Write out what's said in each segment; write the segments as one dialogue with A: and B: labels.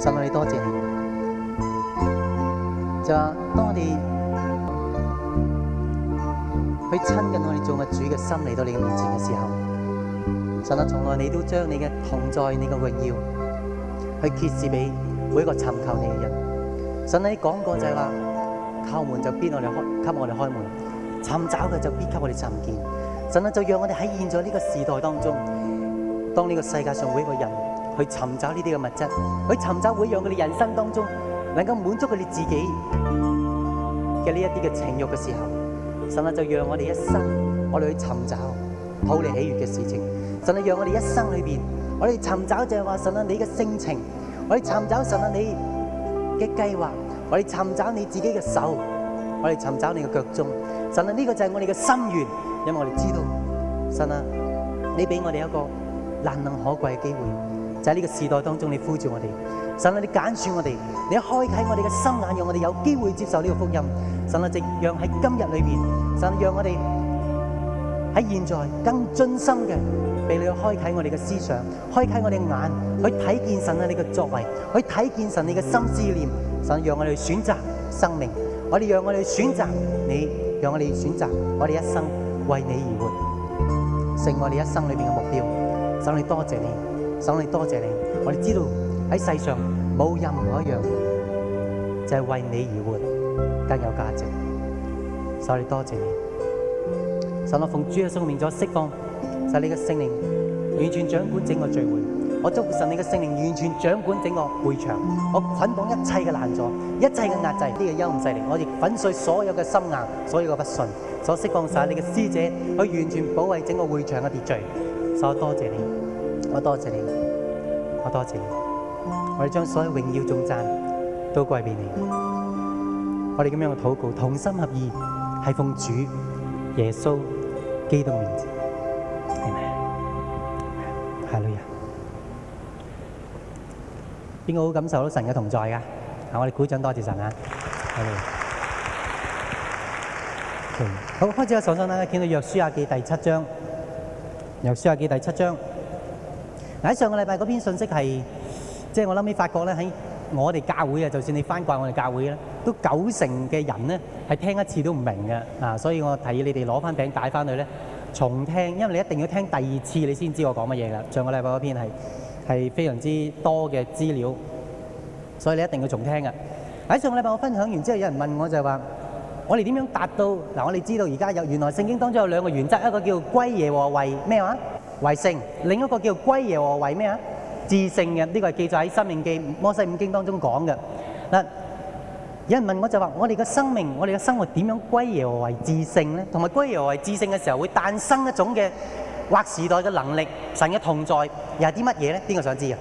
A: 神啊，你多謝你，就當我哋去親近我哋做嘅主嘅心嚟，到你嘅面前嘅時候，神啊，從來你都將你嘅同在你嘅榮耀去揭示俾每一個尋求你嘅人。神啊，你講過就係話，敲門就必我哋開，給我哋開門；尋找佢就必給我哋尋見。神啊，就讓我哋喺現在呢個時代當中，當呢個世界上每一個人。去尋找呢啲嘅物質，去尋找會讓佢哋人生當中能夠滿足佢哋自己嘅呢一啲嘅情慾嘅時候，神啊就讓我哋一生，我哋去尋找討你喜悅嘅事情，神啊讓我哋一生裏邊，我哋尋找就係話神啊你嘅性情，我哋尋找神啊你嘅計劃，我哋尋找你自己嘅手，我哋尋找你嘅腳蹤，神啊呢個就係我哋嘅心願，因為我哋知道神啊你俾我哋一個難能可貴嘅機會。就喺呢個時代當中，你呼住我哋，神啊！你揀選我哋，你開啟我哋嘅心眼，讓我哋有機會接受呢個福音。神啊！正讓喺今日裏邊神讓我哋喺現在更盡心嘅，俾你去開啟我哋嘅思想，開啟我哋眼去睇見神啊！你嘅作為，去睇見神你嘅心思念。神讓我哋選擇生命，我哋讓我哋選擇你，讓我哋選擇我哋一生為你而活，成為我哋一生裏邊嘅目標。神你多謝你。神，你多謝你，我哋知道喺世上冇任何一樣就係、是、為你而活更有價值。神，你多謝你，神我奉主嘅聖名，再釋放，使你嘅聖靈完全掌管整個聚會。我祝福神你嘅聖靈完全掌管整個會場，我捆綁一切嘅攔阻、一切嘅壓制呢個幽暗勢力，我亦粉碎所有嘅心硬，所有嘅不順，所釋放晒你嘅使者，去我完全保衛整個會場嘅秩序。神，我多謝你。我多謝你，我多謝你，我哋將所有榮耀頌讚都歸俾你。我哋咁樣嘅禱告，同心合意，係奉主耶穌基督名字，係咪？係，阿們，邊個好感受到神嘅同在噶？啊，我哋鼓掌多謝神啊！好，開始啊！首先大家見到《約書亞記》第七章，《約書亞記》第七章。喺上個禮拜嗰篇信息係，即係我臨尾發覺咧，喺我哋教會啊，就算你翻慣我哋教會咧，都九成嘅人咧係聽一次都唔明嘅，啊！所以我提議你哋攞翻餅帶翻去咧重聽，因為你一定要聽第二次你先知我講乜嘢噶。上個禮拜嗰篇係係非常之多嘅資料，所以你一定要重聽噶。喺上個禮拜我分享完之後，有人問我就係話，我哋點樣達到嗱？我哋知道而家有原來聖經當中有兩個原則，一個叫歸耶和為咩話？為聖，另一個叫歸耶和為咩啊？智性嘅，呢個係記載喺《生命記》《摩西五經》當中講嘅。嗱，有人問我就話：我哋嘅生命，我哋嘅生活點樣歸耶和為智性咧？同埋歸耶和為智性嘅時候，會誕生一種嘅劃時代嘅能力。神嘅同在又係啲乜嘢咧？邊個想知啊？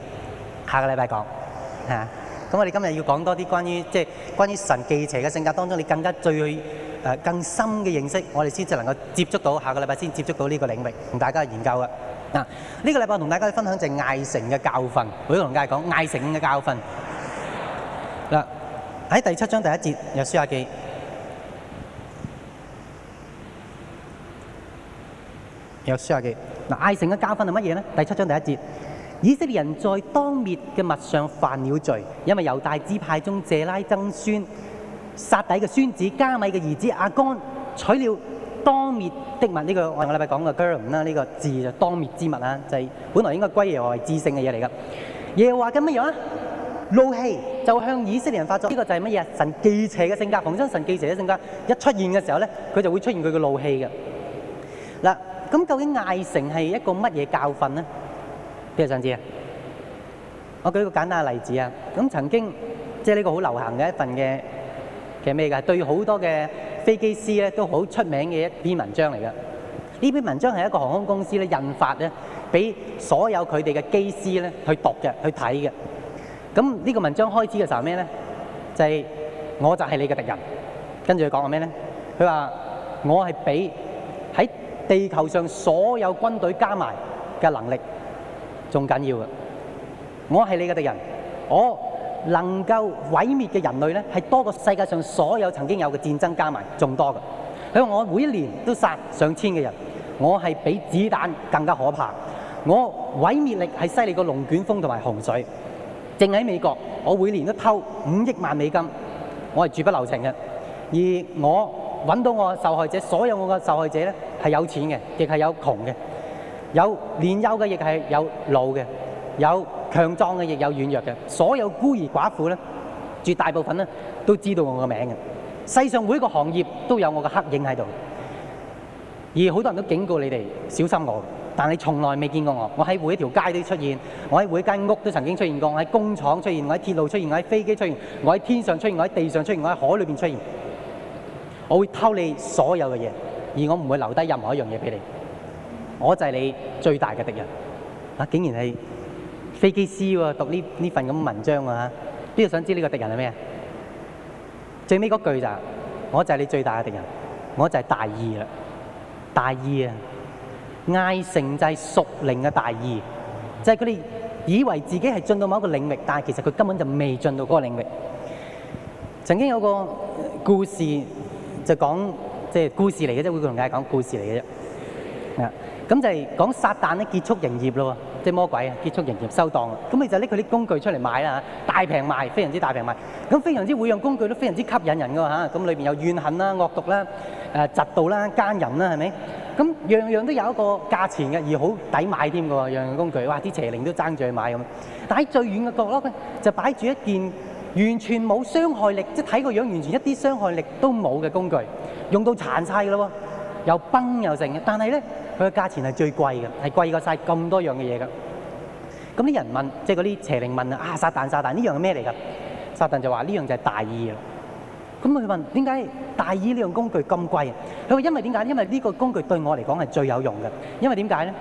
A: 下個禮拜講嚇。咁我哋今日要講多啲關於即係關於神記邪嘅性格當中，你更加最誒更深嘅認識，我哋先至能夠接觸到下個禮拜先接觸到呢個領域同大家去研究嘅。嗱、啊，呢、這個禮拜同大家分享就係艾城嘅教訓。我依家同大家講艾城嘅教訓。嗱、啊，喺第七章第一節，約書亞記，約書亞記。嗱、啊，艾城嘅教訓係乜嘢咧？第七章第一節，以色列人在當滅嘅物上犯了罪，因為猶大支派中謝拉曾孫撒底嘅孫子加米嘅兒子阿干，取了。當滅的物呢、這個我上禮拜講嘅 g i r l 啦，呢個字就當滅之物啦，就係、是、本來應該歸耶和華之聖嘅嘢嚟噶。耶和華嘅乜嘢啊？怒氣就向以色列人發作，呢、這個就係乜嘢？神記邪嘅性格，逢親神記邪嘅性格一出現嘅時候咧，佢就會出現佢嘅怒氣嘅。嗱，咁究竟艾城係一個乜嘢教訓咧？邊個想知啊？我舉一個簡單嘅例子啊，咁曾經即係呢個好流行嘅一份嘅。係咩噶？對好多嘅飛機師咧，都好出名嘅一篇文章嚟噶。呢篇文章係一個航空公司咧印發咧，俾所有佢哋嘅機師咧去讀嘅，去睇嘅。咁呢個文章開始嘅時候咩咧？就係、是、我就係你嘅敵人。跟住佢講過咩咧？佢話我係比喺地球上所有軍隊加埋嘅能力仲緊要㗎。我係你嘅敵人。我。能夠毀滅嘅人類咧，係多過世界上所有曾經有嘅戰爭加埋仲多嘅。佢話我每一年都殺上千嘅人，我係比子彈更加可怕。我毀滅力係犀利過龍捲風同埋洪水。淨喺美國，我每年都偷五億萬美金，我係絕不留情嘅。而我揾到我受害者，所有我嘅受害者咧係有錢嘅，亦係有窮嘅，有年幼嘅，亦係有老嘅，有。強壯嘅亦有軟弱嘅，所有孤兒寡婦呢，絕大部分呢，都知道我個名嘅。世上每個行業都有我的黑影喺度，而好多人都警告你哋小心我，但你從來未見過我。我喺每一條街都出現，我喺每間屋都曾經出現過，我喺工廠出現，我喺鐵路出現，我喺飛機出現，我喺天上出現，我喺地上出現，我喺海裏面出現。我會偷你所有嘅嘢，而我唔會留低任何一樣嘢俾你。我就係你最大嘅敵人。竟然是飛機師喎，讀呢呢份咁文章喎嚇，邊度想知呢個敵人係咩？最尾嗰句就，我就係你最大嘅敵人，我就係大意啦，大意啊，艾城就係屬靈嘅大意，就係佢哋以為自己係進到某一個領域，但係其實佢根本就未進到嗰個領域。曾經有個故事就講，即係故事嚟嘅啫，會唔會同大家講故事嚟嘅啫？啊，咁就係講撒旦嘅結束營業咯。即係魔鬼啊！結束營業收檔啊！咁你就搦佢啲工具出嚟買啦嚇，大平賣，非常之大平賣。咁非常之會用工具都非常之吸引人噶喎嚇。咁裏邊有怨恨啦、惡毒啦、誒、嫉妒啦、奸淫啦，係咪？咁樣樣都有一個價錢嘅，而好抵買添嘅喎。樣樣工具，哇！啲邪靈都爭住去買咁。但喺最遠嘅角落咧，就擺住一件完全冇傷害力，即係睇個樣完全一啲傷害力都冇嘅工具，用到殘曬㗎咯喎，又崩又剩。但係咧。佢個價錢係最貴嘅，係貴過晒咁多樣嘅嘢嘅。咁啲人問，即係嗰啲邪靈問啊，撒旦撒旦，呢樣係咩嚟㗎？撒旦就話：呢樣就係大意啦。咁佢問點解大意呢樣工具咁貴？佢話因為點解？因為呢個工具對我嚟講係最有用嘅。因為點解咧？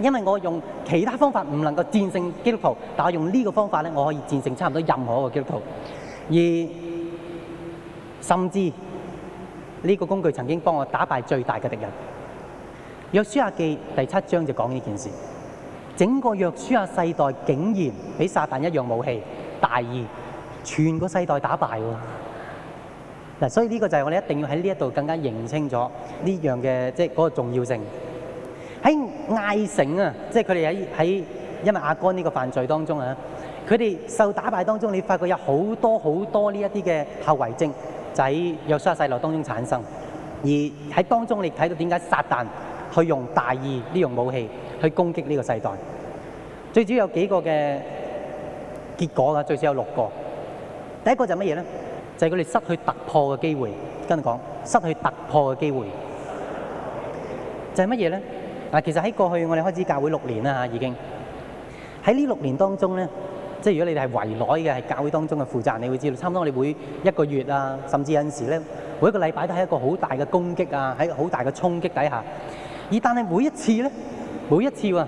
A: 因為我用其他方法唔能夠戰勝基督徒，但係我用呢個方法咧，我可以戰勝差唔多任何一個基督徒。而甚至呢個工具曾經幫我打敗最大嘅敵人。約書亞記第七章就講呢件事，整個約書亞世代竟然俾撒但一樣武器大意，全個世代打敗喎，嗱，所以呢個就係我哋一定要喺呢一度更加認清楚呢樣嘅，即係嗰個重要性喺艾城啊，即係佢哋喺喺因為亞干呢個犯罪當中啊，佢哋受打敗當中，你發覺有好多好多呢一啲嘅後遺症，就喺約書亞世代當中產生，而喺當中你睇到點解撒但？去用大意呢樣武器去攻擊呢個世代，最主要有幾個嘅結果啊，最少有六個。第一個就係乜嘢咧？就係佢哋失去突破嘅機會，跟你講失去突破嘅機會就係乜嘢咧？嗱，其實喺過去我哋開始教會六年啦吓，已經喺呢六年當中咧，即係如果你哋係圍內嘅，係教會當中嘅負責人，你會知道，差唔多我哋每一個月啊，甚至有陣時咧，每一個禮拜都係一個好大嘅攻擊啊，喺好大嘅衝擊底下。咦！但係每一次咧，每一次喎，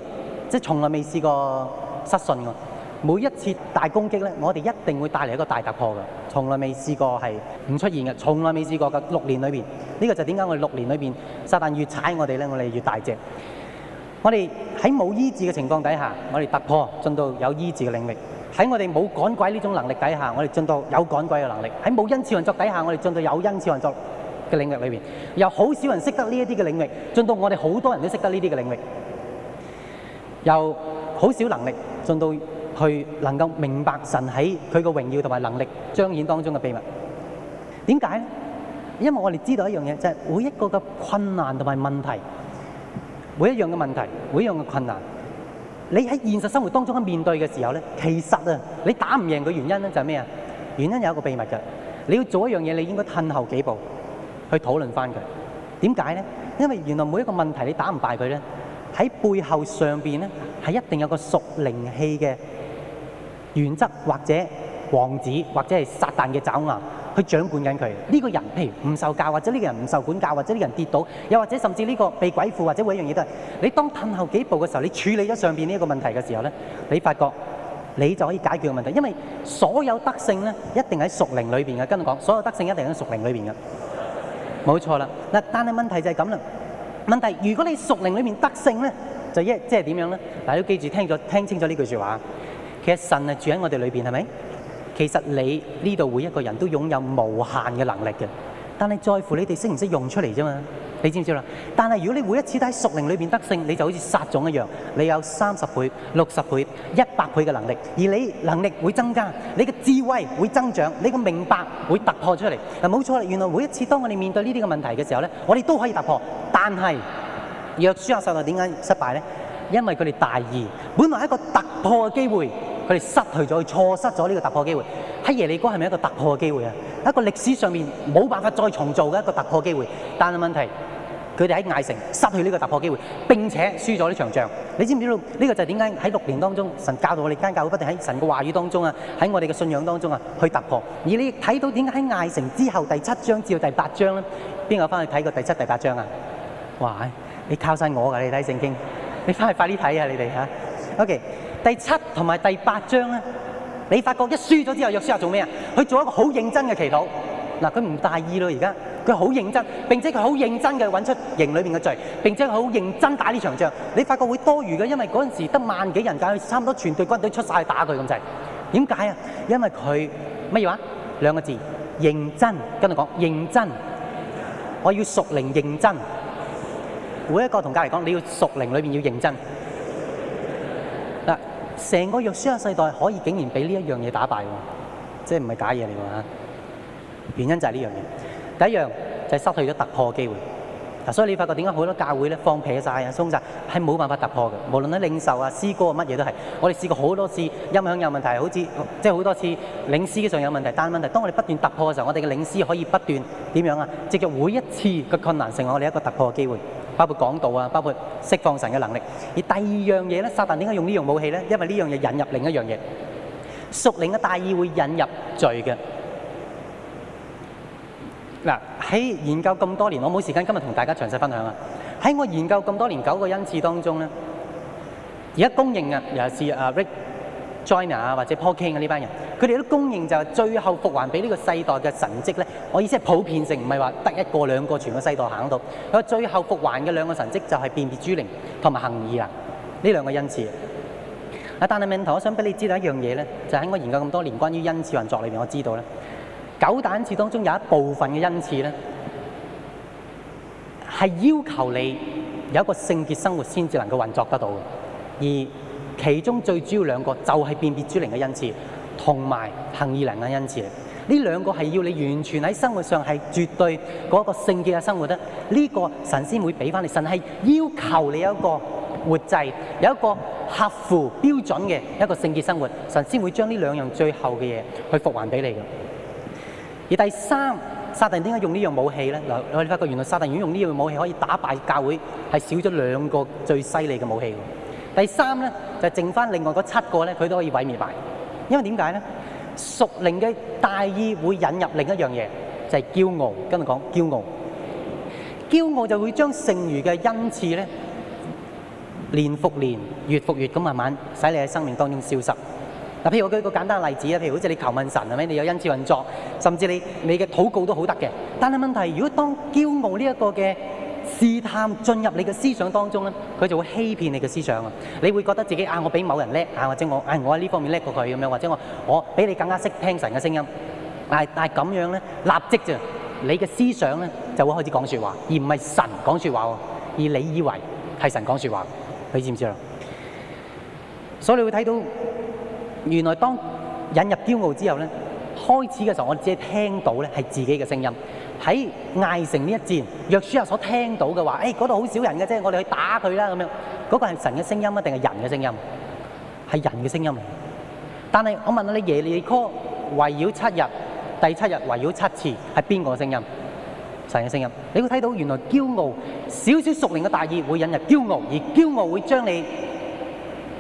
A: 即係從來未試過失信喎。每一次大攻擊咧，我哋一定會帶嚟一個大突破㗎。從來未試過係唔出現嘅，從來未試過㗎。六年裏邊，呢個就點解我哋六年裏邊，撒旦越踩我哋咧，我哋越大隻。我哋喺冇醫治嘅情況底下，我哋突破進到有醫治嘅領域；喺我哋冇趕鬼呢種能力底下，我哋進到有趕鬼嘅能力；喺冇恩賜運作底下，我哋進到有恩賜運作。嘅領域裏面，由好少人識得呢一啲嘅領域，進到我哋好多人都識得呢啲嘅領域，由好少能力進到去能夠明白神喺佢個榮耀同埋能力彰顯當中嘅秘密。點解咧？因為我哋知道一樣嘢，就係每一個嘅困難同埋問題，每一樣嘅問題，每一樣嘅困難，你喺現實生活當中去面對嘅時候咧，其實啊，你打唔贏嘅原因咧就係咩啊？原因有一個秘密嘅，你要做一樣嘢，你應該褪後幾步。去討論翻佢點解咧？因為原來每一個問題你打唔敗佢咧，喺背後上邊咧係一定有個屬靈氣嘅原則，或者王子，或者係撒但嘅爪牙去掌管緊佢呢個人。譬如唔受教，或者呢個人唔受管教，或者呢個人跌倒，又或者甚至呢個被鬼附，或者每一樣嘢都係你當褪後幾步嘅時候，你處理咗上邊呢一個問題嘅時候咧，你發覺你就可以解決問題，因為所有德性咧一定喺屬靈裏邊嘅。跟住講，所有德性一定喺屬靈裏邊嘅。冇錯啦，嗱，但係問題就係咁啦。問題，如果你熟靈裏面得勝咧，就一即係點樣咧？大家都記住聽咗聽清楚呢句説話。其實神係住喺我哋裏邊，係咪？其實你呢度每一個人都擁有無限嘅能力嘅，但係在乎你哋識唔識用出嚟啫嘛。你知唔知啦？但係如果你每一次喺屬靈裏邊得勝，你就好似撒種一樣，你有三十倍、六十倍、一百倍嘅能力。而你能力會增加，你嘅智慧會增長，你嘅明白會突破出嚟。嗱，冇錯啦！原來每一次當我哋面對呢啲嘅問題嘅時候咧，我哋都可以突破。但係約書亞世代點解失敗咧？因為佢哋大意，本來一個突破嘅機會，佢哋失去咗，錯失咗呢個突破的機會。喺耶利哥係咪一個突破嘅機會啊？一個歷史上面冇辦法再重做嘅一個突破的機會。但係問題。佢哋喺艾城失去呢個突破機會，並且輸咗呢場仗。你知唔知道呢個就係點解喺六年當中，神教導我哋間教會不斷喺神嘅話語當中啊，喺我哋嘅信仰當中啊去突破。而你睇到點解喺艾城之後第七章至到第八章呢？邊個翻去睇過第七、第八章啊？哇！你靠晒我㗎，你睇聖經，你翻去快啲睇啊！你哋 OK，第七同埋第八章咧，你發覺一輸咗之後，約書亞做咩啊？去做一個好認真嘅祈禱。嗱，佢唔大意咯，而家。佢好認真，並且佢好認真嘅揾出營裏邊嘅罪，並且佢好認真地打呢場仗。你發覺會多餘嘅，因為嗰陣時得萬幾人，但係差唔多全隊軍隊出晒去打佢咁滯。點解啊？因為佢乜嘢話？兩個字，認真。跟住講，認真。我要屬靈認真。每一個同家嚟講，你要屬靈裏邊要認真。嗱，成個約書亞世代可以竟然俾呢一樣嘢打敗喎，即係唔係假嘢嚟㗎？原因就係呢樣嘢。第一樣就係失去咗突破嘅機會，嗱，所以你發覺點解好多教會咧放屁曬、鬆曬，係冇辦法突破嘅。無論喺領袖啊、詩歌啊，乜嘢都係。我哋試過好多次音響有問題，好似即係好多次領詩上有問題，但係問題當我哋不斷突破嘅時候，我哋嘅領詩可以不斷點樣啊？藉著每一次嘅困難成為，我哋一個突破嘅機會，包括講道啊，包括釋放神嘅能力。而第二樣嘢咧，撒但點解用呢樣武器咧？因為呢樣嘢引入另一樣嘢，屬靈嘅大意會引入罪嘅。嗱，喺研究咁多年，我冇時間今日同大家詳細分享啊！喺我研究咁多年九個恩賜當中咧，而家公認啊，尤其是啊 Rick Joyner 啊或者 Paul King 嘅呢班人，佢哋都公認就係最後復還俾呢個世代嘅神蹟咧。我意思係普遍性，唔係話得一個兩個，全個世代行到。佢最後復還嘅兩個神蹟就係辨別諸靈同埋行義啊，呢兩個恩賜啊。但係問題，我想俾你知道的一樣嘢咧，就喺我研究咁多年關於恩賜運作裏面，我知道咧。九大恩賜當中有一部分嘅恩賜咧，係要求你有一個聖潔生活先至能夠運作得到嘅。而其中最主要兩個就係辨別諸靈嘅恩賜，同埋行二良嘅恩賜。呢兩個係要你完全喺生活上係絕對嗰一個聖潔嘅生活咧。呢、呢個神先會俾翻你。神係要求你有一個活祭，有一個合乎標準嘅一個聖潔生活，神先會將呢兩樣最後嘅嘢去復還俾你嘅。而第三，撒但點解用呢樣武器咧？嗱，你可以發覺，原來撒但如果用呢樣武器可以打敗教會，係少咗兩個最犀利嘅武器。第三咧，就剩翻另外嗰七個咧，佢都可以毀滅埋。因為點解咧？屬靈嘅大意會引入另一樣嘢，就係驕傲。跟住講驕傲，驕傲就會將剩餘嘅恩賜咧，年復年、月復月咁慢慢使你喺生命當中消失。嗱，譬如我舉一個簡單例子啊，譬如好似你求問神係咪？你有恩賜運作，甚至你你嘅禱告都好得嘅。但係問題是，如果當驕傲呢一個嘅試探進入你嘅思想當中咧，佢就會欺騙你嘅思想啊！你會覺得自己啊，我比某人叻啊，或者我誒、啊、我喺呢方面叻過佢咁樣，或者我我比你更加識聽神嘅聲音。但係但係咁樣咧，立即就你嘅思想咧就會開始講説話，而唔係神講説話喎，而你以為係神講説話，你知唔知啊？所以你會睇到。原來當引入驕傲之後咧，開始嘅時候我只係聽到咧係自己嘅聲音。喺艾城呢一戰，約書亞所聽到嘅話，誒嗰度好少人嘅啫，我哋去打佢啦咁樣。嗰個係神嘅聲音啊，定係人嘅聲音？係人嘅聲音嚟。但係我問你，耶利哥圍繞七日，第七日圍繞七次，係邊個嘅聲音？神嘅聲音。你會睇到原來驕傲少少屬靈嘅大意會引入驕傲，而驕傲會將你。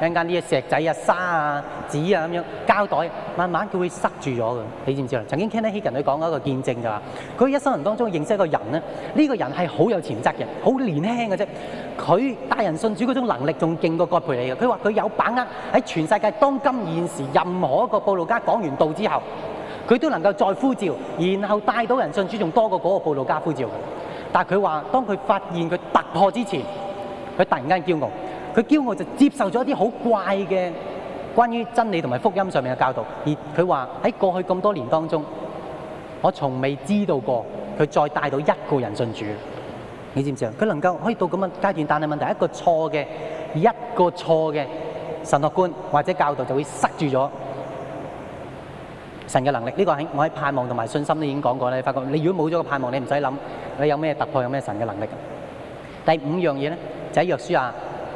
A: 陣間呢啲石仔啊、沙啊、紙啊咁樣膠袋，慢慢佢會塞住咗嘅。你知唔知啊？曾經 Kenneth Hagin 佢講過一個見證就話，佢一生人當中認識一個人咧，呢個人係好有潛質嘅，好年輕嘅啫。佢帶人信主嗰種能力仲勁過葛培理嘅。佢話佢有把握喺全世界當今現時任何一個布道家講完道之後，佢都能夠再呼召，然後帶到人信主仲多過嗰個布道家呼召嘅。但係佢話，當佢發現佢突破之前，佢突然間驕傲。佢驕傲就接受咗一啲好怪嘅關於真理同埋福音上面嘅教導，而佢話喺過去咁多年當中，我從未知道過佢再帶到一個人信主。你知唔知啊？佢能夠可以到咁嘅階段，但係問題一個錯嘅一個錯嘅神學觀或者教導就會塞住咗神嘅能力。呢個喺我喺盼望同埋信心都已經講過啦。你發覺你如果冇咗個盼望，你唔使諗你有咩突破，有咩神嘅能力。第五樣嘢咧就喺約書亞。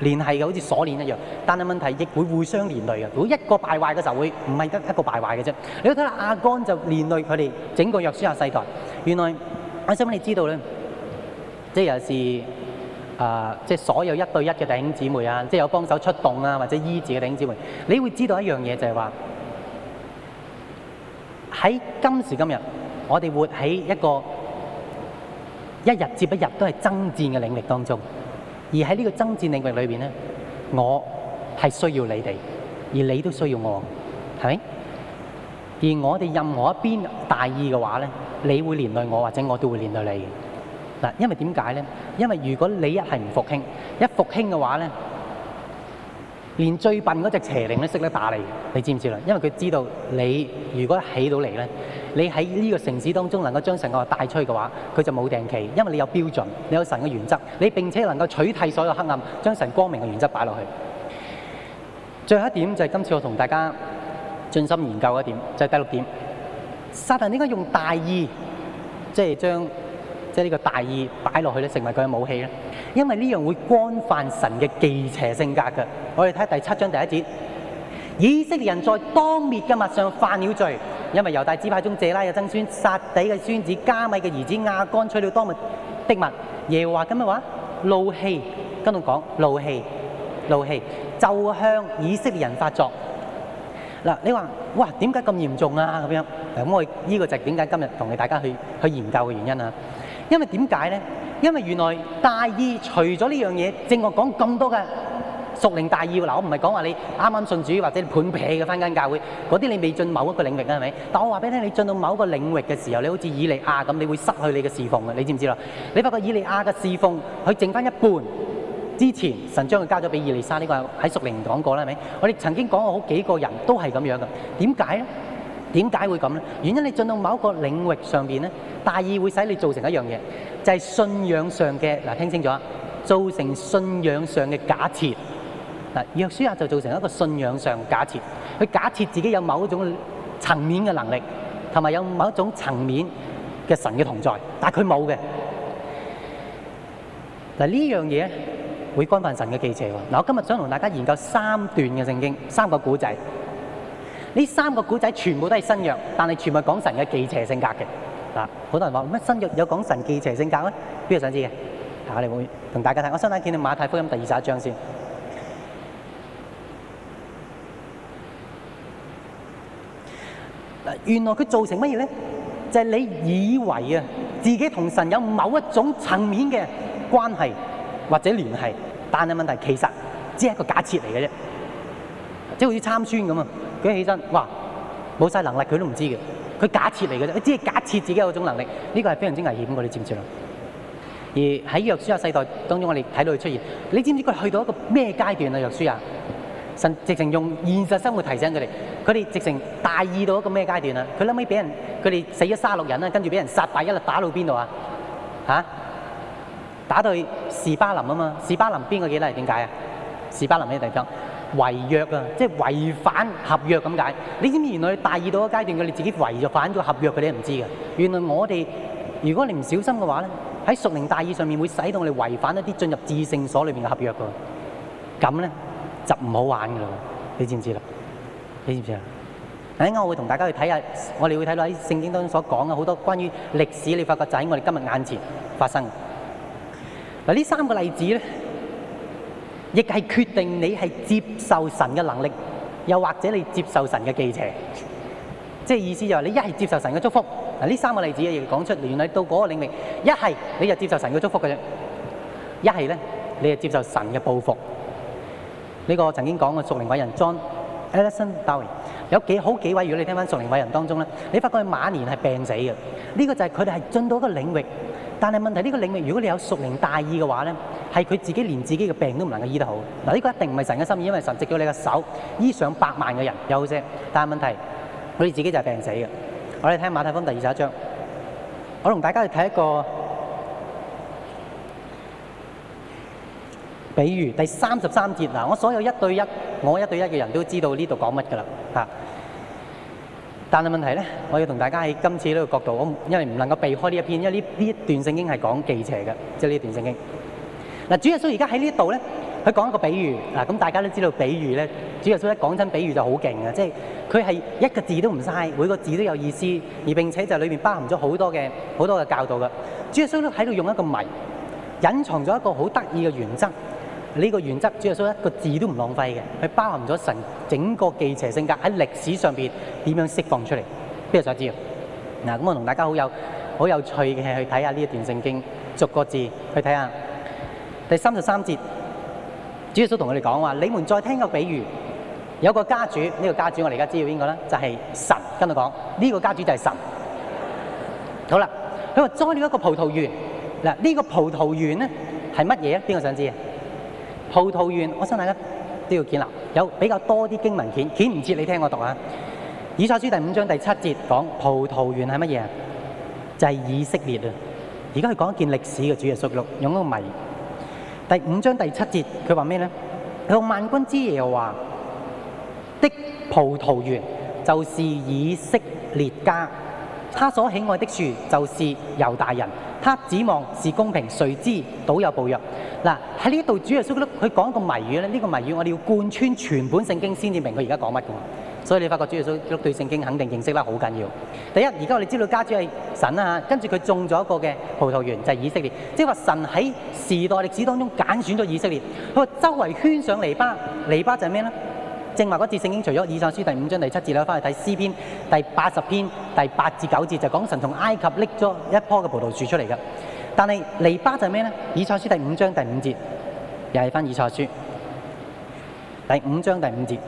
A: 連係嘅好似鎖鏈一樣，但係問題亦會互相連累嘅。如果一個敗壞嘅時候，會唔係得一個敗壞嘅啫。你都睇下亞幹，就連累佢哋整個約書亞世代。原來我想問你知道咧，即係又是啊，即係所有一對一嘅弟兄姊妹啊，即係有幫手出動啊，或者醫治嘅弟兄姊妹，你會知道一樣嘢就係話喺今時今日，我哋活喺一個一日接一日都係爭戰嘅領域當中。而喺呢個爭戰領域裏邊呢，我係需要你哋，而你都需要我，係咪？而我哋任何一邊大意嘅話呢，你會連累我，或者我都會連累你。因為點解呢？因為如果你一係唔復興，一復興嘅話呢，連最笨嗰隻邪靈都識得打你，你知唔知啦？因為佢知道你如果起到嚟呢。你喺呢個城市當中能夠將神國帶出去嘅話，佢就冇定期，因為你有標準，你有神嘅原則，你並且能夠取替所有黑暗，將神光明嘅原則擺落去。最後一點就係今次我同大家盡心研究嘅一點，就係第六點。撒但應該用大意，即係將即係呢個大意擺落去咧，成為佢嘅武器咧？因為呢樣會干犯神嘅忌邪性格嘅。我哋睇第七章第一節。以色列人在當滅嘅物上犯了罪，因為猶大支派中謝拉嘅曾孫撒底嘅孫子加米嘅兒子亞干取了當滅的物。耶和華今日話：怒氣，跟住講怒氣、怒氣，就向以色列人發作。嗱，你話哇，點解咁嚴重啊？咁樣，咁我呢個就係點解今日同你大家去去研究嘅原因啊？因為點解咧？因為原來大意除咗呢樣嘢，正我講咁多嘅。屬靈大意嗱，我唔係講話你啱啱信主或者你叛撇嘅翻間教會嗰啲，那些你未進某一個領域啊，係咪？但我話俾你聽，你進到某一個領域嘅時候，你好似以利亞咁，你會失去你嘅侍奉嘅，你知唔知啦？你發覺以利亞嘅侍奉，佢剩翻一半之前，神將佢交咗俾以利沙呢、這個喺屬靈講過啦，係咪？我哋曾經講過好幾個人都係咁樣嘅，點解咧？點解會咁咧？原因你進到某一個領域上邊咧，大意會使你造成一樣嘢，就係、是、信仰上嘅，嗱，聽清楚啊！造成信仰上嘅假設。嗱，約書亞就造成一個信仰上的假設，佢假設自己有某一種層面嘅能力，同埋有某一種層面嘅神嘅同在，但係佢冇嘅。嗱，呢樣嘢會干犯神嘅忌邪喎。嗱，我今日想同大家研究三段嘅聖經，三個古仔。呢三個古仔全部都係新約，但係全部係講神嘅忌邪性格嘅。嗱，好多人話乜新約有講神忌邪性格啊？邊個想知嘅？我哋會同大家睇。我想睇見《馬太福音》第二十一章先。原來佢造成乜嘢咧？就係、是、你以為啊，自己同神有某一種層面嘅關係或者聯繫，但係問題其實只係一個假設嚟嘅啫，即係好似參孫咁啊！佢起身，哇，冇晒能力，佢都唔知嘅，佢假設嚟嘅啫，佢只係假設自己有一種能力，呢、這個係非常之危險嘅，你知唔知啦？而喺約書亞世代當中，我哋睇到佢出現，你知唔知佢去到一個咩階段啊？約書亞？直情用現實生活提醒佢哋，佢哋直情大意到一個咩階段啊？佢撚尾俾人，佢哋死咗三十六人啦，跟住俾人殺敗，一路打到邊度啊？嚇！打到去士巴林啊嘛，士巴林邊個幾啦？點解啊？士巴林咩地方？違約啊，即係違反合約咁解。你知唔知原來大意到一個階段，佢哋自己違咗反咗合約，佢哋都唔知嘅。原來我哋如果你唔小心嘅話咧，喺屬靈大意上面會使到我哋違反一啲進入至聖所裏邊嘅合約嘅。咁咧。就唔好玩噶啦！你知唔知啦？你知唔知啊？嗱，等陣間，我會同大家去睇下，我哋會睇到喺聖經當中所講嘅好多關於歷史，你發覺就喺我哋今日眼前發生。嗱，呢三個例子咧，亦係決定你係接受神嘅能力，又或者你接受神嘅記仇。即係意思就係你一係接受神嘅祝福。嗱，呢三個例子亦講出來，原來你到嗰個領域，一係你就接受神嘅祝福嘅，一係咧你就接受神嘅報復。呢、這個曾經講過，屬靈偉人 John Ellison Dowie 有幾好幾位，如果你聽翻屬靈偉人當中咧，你發覺佢馬年係病死嘅。呢、這個就係佢哋係進到一個領域，但係問題呢個領域，如果你有屬靈大意嘅話咧，係佢自己連自己嘅病都唔能夠醫得好。嗱，呢個一定唔係神嘅心意，因為神藉住你嘅手醫上百萬嘅人，有好啫。但係問題是，佢哋自己就係病死嘅。我哋聽馬太福音第二十一章，我同大家去睇一個。比如第三十三節嗱，我所有一對一我一對一嘅人都知道呢度講乜㗎啦吓。但係問題咧，我要同大家喺今次呢個角度，我因為唔能夠避開呢一篇，因為呢呢一段聖經係講忌邪嘅，即係呢一段聖經。嗱，主耶穌而家喺呢度咧，佢講一個比喻嗱，咁大家都知道比喻咧，主耶穌一講真比喻就好勁嘅，即係佢係一個字都唔嘥，每個字都有意思，而並且就裏面包含咗好多嘅好多嘅教導嘅。主耶穌咧喺度用一個謎，隱藏咗一個好得意嘅原則。呢個原則，主耶穌一個字都唔浪費嘅，佢包含咗神整個忌邪性格喺歷史上邊點樣釋放出嚟。邊個想知道？嗱，咁我同大家好有好有趣嘅去睇下呢一段聖經，逐個字去睇下第三十三節，主耶穌同我哋講話：你們再聽個比喻，有個家主，呢個家主我哋而家知道邊個咧？就係神跟佢講，呢個家主就係神。好啦，佢話栽咗一個葡萄園，嗱，呢個葡萄園咧係乜嘢？邊個想知？葡萄園，我想大家都要建立，有比較多啲經文件，卷唔切你聽我讀啊。以賽書第五章第七節講葡萄園係乜嘢？就係、是、以色列啊！而家佢講一件歷史嘅主要述錄，用一個謎。第五章第七節佢話咩咧？用萬軍之耶和華的葡萄園就是以色列家，他所喜愛的樹就是猶大人，他指望是公平，誰知倒有暴虐。嗱，喺呢度主耶穌佢講一個謎語咧，呢個謎語我哋要貫穿全本聖經先至明佢而家講乜嘅。所以你發覺主耶穌佢對聖經肯定認識啦，好緊要。第一，而家我哋知道家主係神啦，跟住佢種咗一個嘅葡萄園就係以色列，即係話神喺時代歷史當中揀選咗以色列。佢話周圍圈上籬笆，籬笆就係咩咧？正話嗰節聖經除咗以賽書第五章第七節咧，翻去睇詩篇第八十篇第八至九節就講、是、神從埃及拎咗一棵嘅葡萄樹出嚟嘅。但係尼巴就係咩咧？以賽書第五章第五節，又係翻以賽書第五章第五節。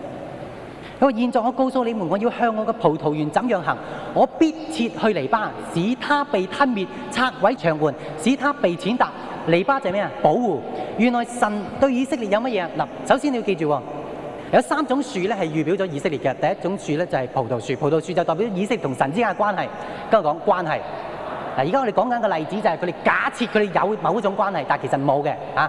A: 佢話，現在我告訴你們，我要向我嘅葡萄園怎樣行？我必切去尼巴，使他被吞滅、拆毀、長援，使他被踐踏。尼巴就係咩啊？保護。原來神對以色列有乜嘢嗱，首先你要記住。有三種樹咧，係預表咗以色列嘅。第一種樹咧就係葡萄樹，葡萄樹就代表以色列同神之間嘅關係。今日講關係。嗱，而家我哋講緊嘅例子就係佢哋假設佢哋有某種關係，但其實冇嘅。啊，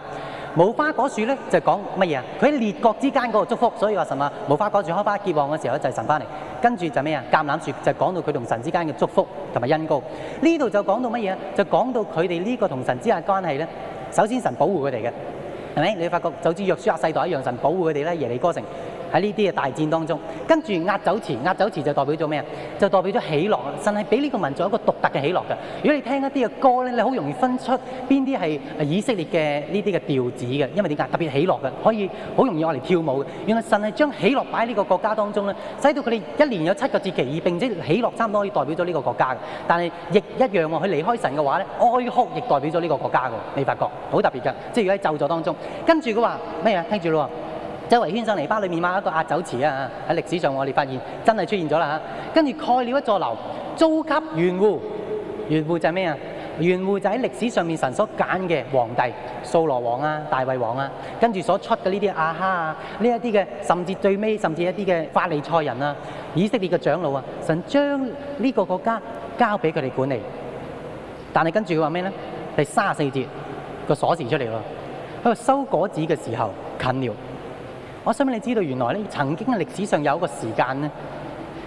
A: 無花果樹咧就講乜嘢啊？佢喺列國之間嗰個祝福，所以話神啊，無花果樹開花結朧嘅時候咧就係神翻嚟，跟住就咩啊？橄欖樹就講到佢同神之間嘅祝福同埋恩膏。呢度就講到乜嘢啊？就講到佢哋呢個同神之間嘅關係咧，首先神保護佢哋嘅。係咪？你發覺，就知約書亞世代，一樣神保護佢哋咧，耶利哥城。喺呢啲嘅大戰當中，跟住壓酒池，壓酒池就代表咗咩啊？就代表咗喜樂啊！神係俾呢個民族一個獨特嘅喜樂嘅。如果你聽一啲嘅歌咧，你好容易分出邊啲係以色列嘅呢啲嘅調子嘅，因為點解特別喜樂嘅，可以好容易用嚟跳舞嘅。原來神係將喜樂擺喺呢個國家當中咧，使到佢哋一年有七個節期而並且喜樂，差唔多可以代表咗呢個國家嘅。但係亦一樣喎，佢離開神嘅話咧，哀哭亦代表咗呢個國家嘅，你發覺好特別嘅，即係如果喺咒詛當中。跟住佢話咩啊？聽住啦。周圍圈上籬笆裏面挖一個壓酒池啊！喺歷史上我哋發現真係出現咗啦嚇，跟住蓋了一座樓，租給園戶。園戶就係咩啊？園戶就喺歷史上面神所揀嘅皇帝，掃羅王啊、大衛王啊，跟住所出嘅呢啲亞哈啊，呢一啲嘅甚至最尾甚至一啲嘅法利賽人啊、以色列嘅長老啊，神將呢個國家交俾佢哋管理。但係跟住佢話咩咧？係卅四節個鎖匙出嚟喎，喺度收果子嘅時候近了。我想俾你知道，原來咧曾經喺歷史上有一個時間咧，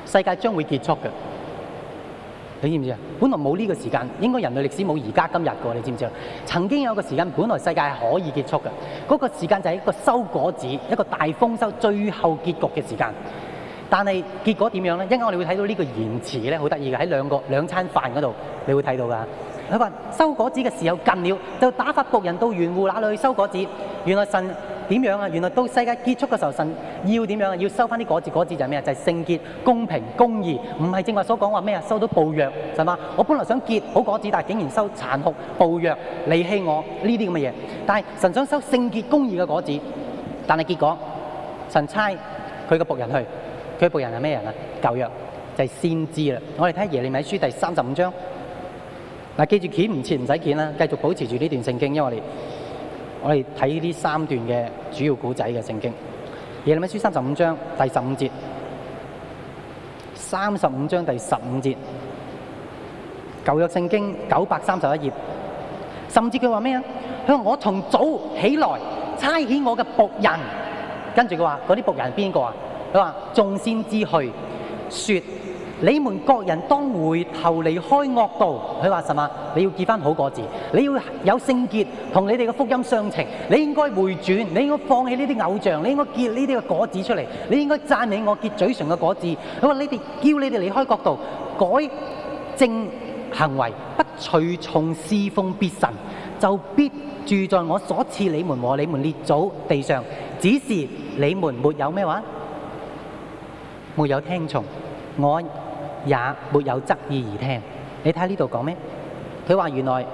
A: 世界將會結束嘅。你知唔知啊？本來冇呢個時間，應該人類歷史冇而家今日㗎。你知唔知啊？曾經有一個時間，本來世界係可以結束嘅。嗰個時間就係一個收果子、一個大豐收、最後結局嘅時間。但係結果點樣咧？一陣間我哋會睇到呢個延遲咧，好得意嘅喺兩個兩餐飯嗰度，你會睇到㗎。佢話收果子嘅時候近了，就打發僕人到園戶那裡去收果子。原來神。點樣啊？原來到世界結束嘅時候，神要點樣啊？要收翻啲果子，果子就係咩啊？就係、是、聖潔、公平、公義，唔係正話所講話咩啊？收到暴虐，神話我本來想結好果子，但係竟然收殘酷、暴虐、離棄我呢啲咁嘅嘢。但係神想收聖潔、公義嘅果子，但係結果神差佢個僕人去，佢僕人係咩人啊？舊約就係、是、先知啦。我哋睇下《耶利米書》第三十五章。嗱，記住剪唔切唔使剪啦，繼續保持住呢段聖經，因為我哋。我哋睇呢啲三段嘅主要古仔嘅聖經，耶利米書三十五章第十五節，三十五章第十五節，舊約聖經九百三十一頁，甚至佢話咩啊？佢話我從早起來差遣我嘅僕人，跟住佢話嗰啲僕人係邊個啊？佢話眾先知去說你們各人當回頭離開惡道，佢話什麼？你要結返好果子，你要有聖潔同你哋嘅福音相稱。你應該回轉，你應該放棄呢啲偶像，你應該結呢啲果子出嚟。你應該讚美我結嘴唇嘅果子。佢話：你哋叫你哋離開惡道，改正行為，不隨從侍奉別神，就必住在我所賜你們和你們列祖地上。只是你們沒有咩話？沒有聽從我。也沒有側耳而聽，你看這裡說什麼。你睇下呢度講咩？佢話原來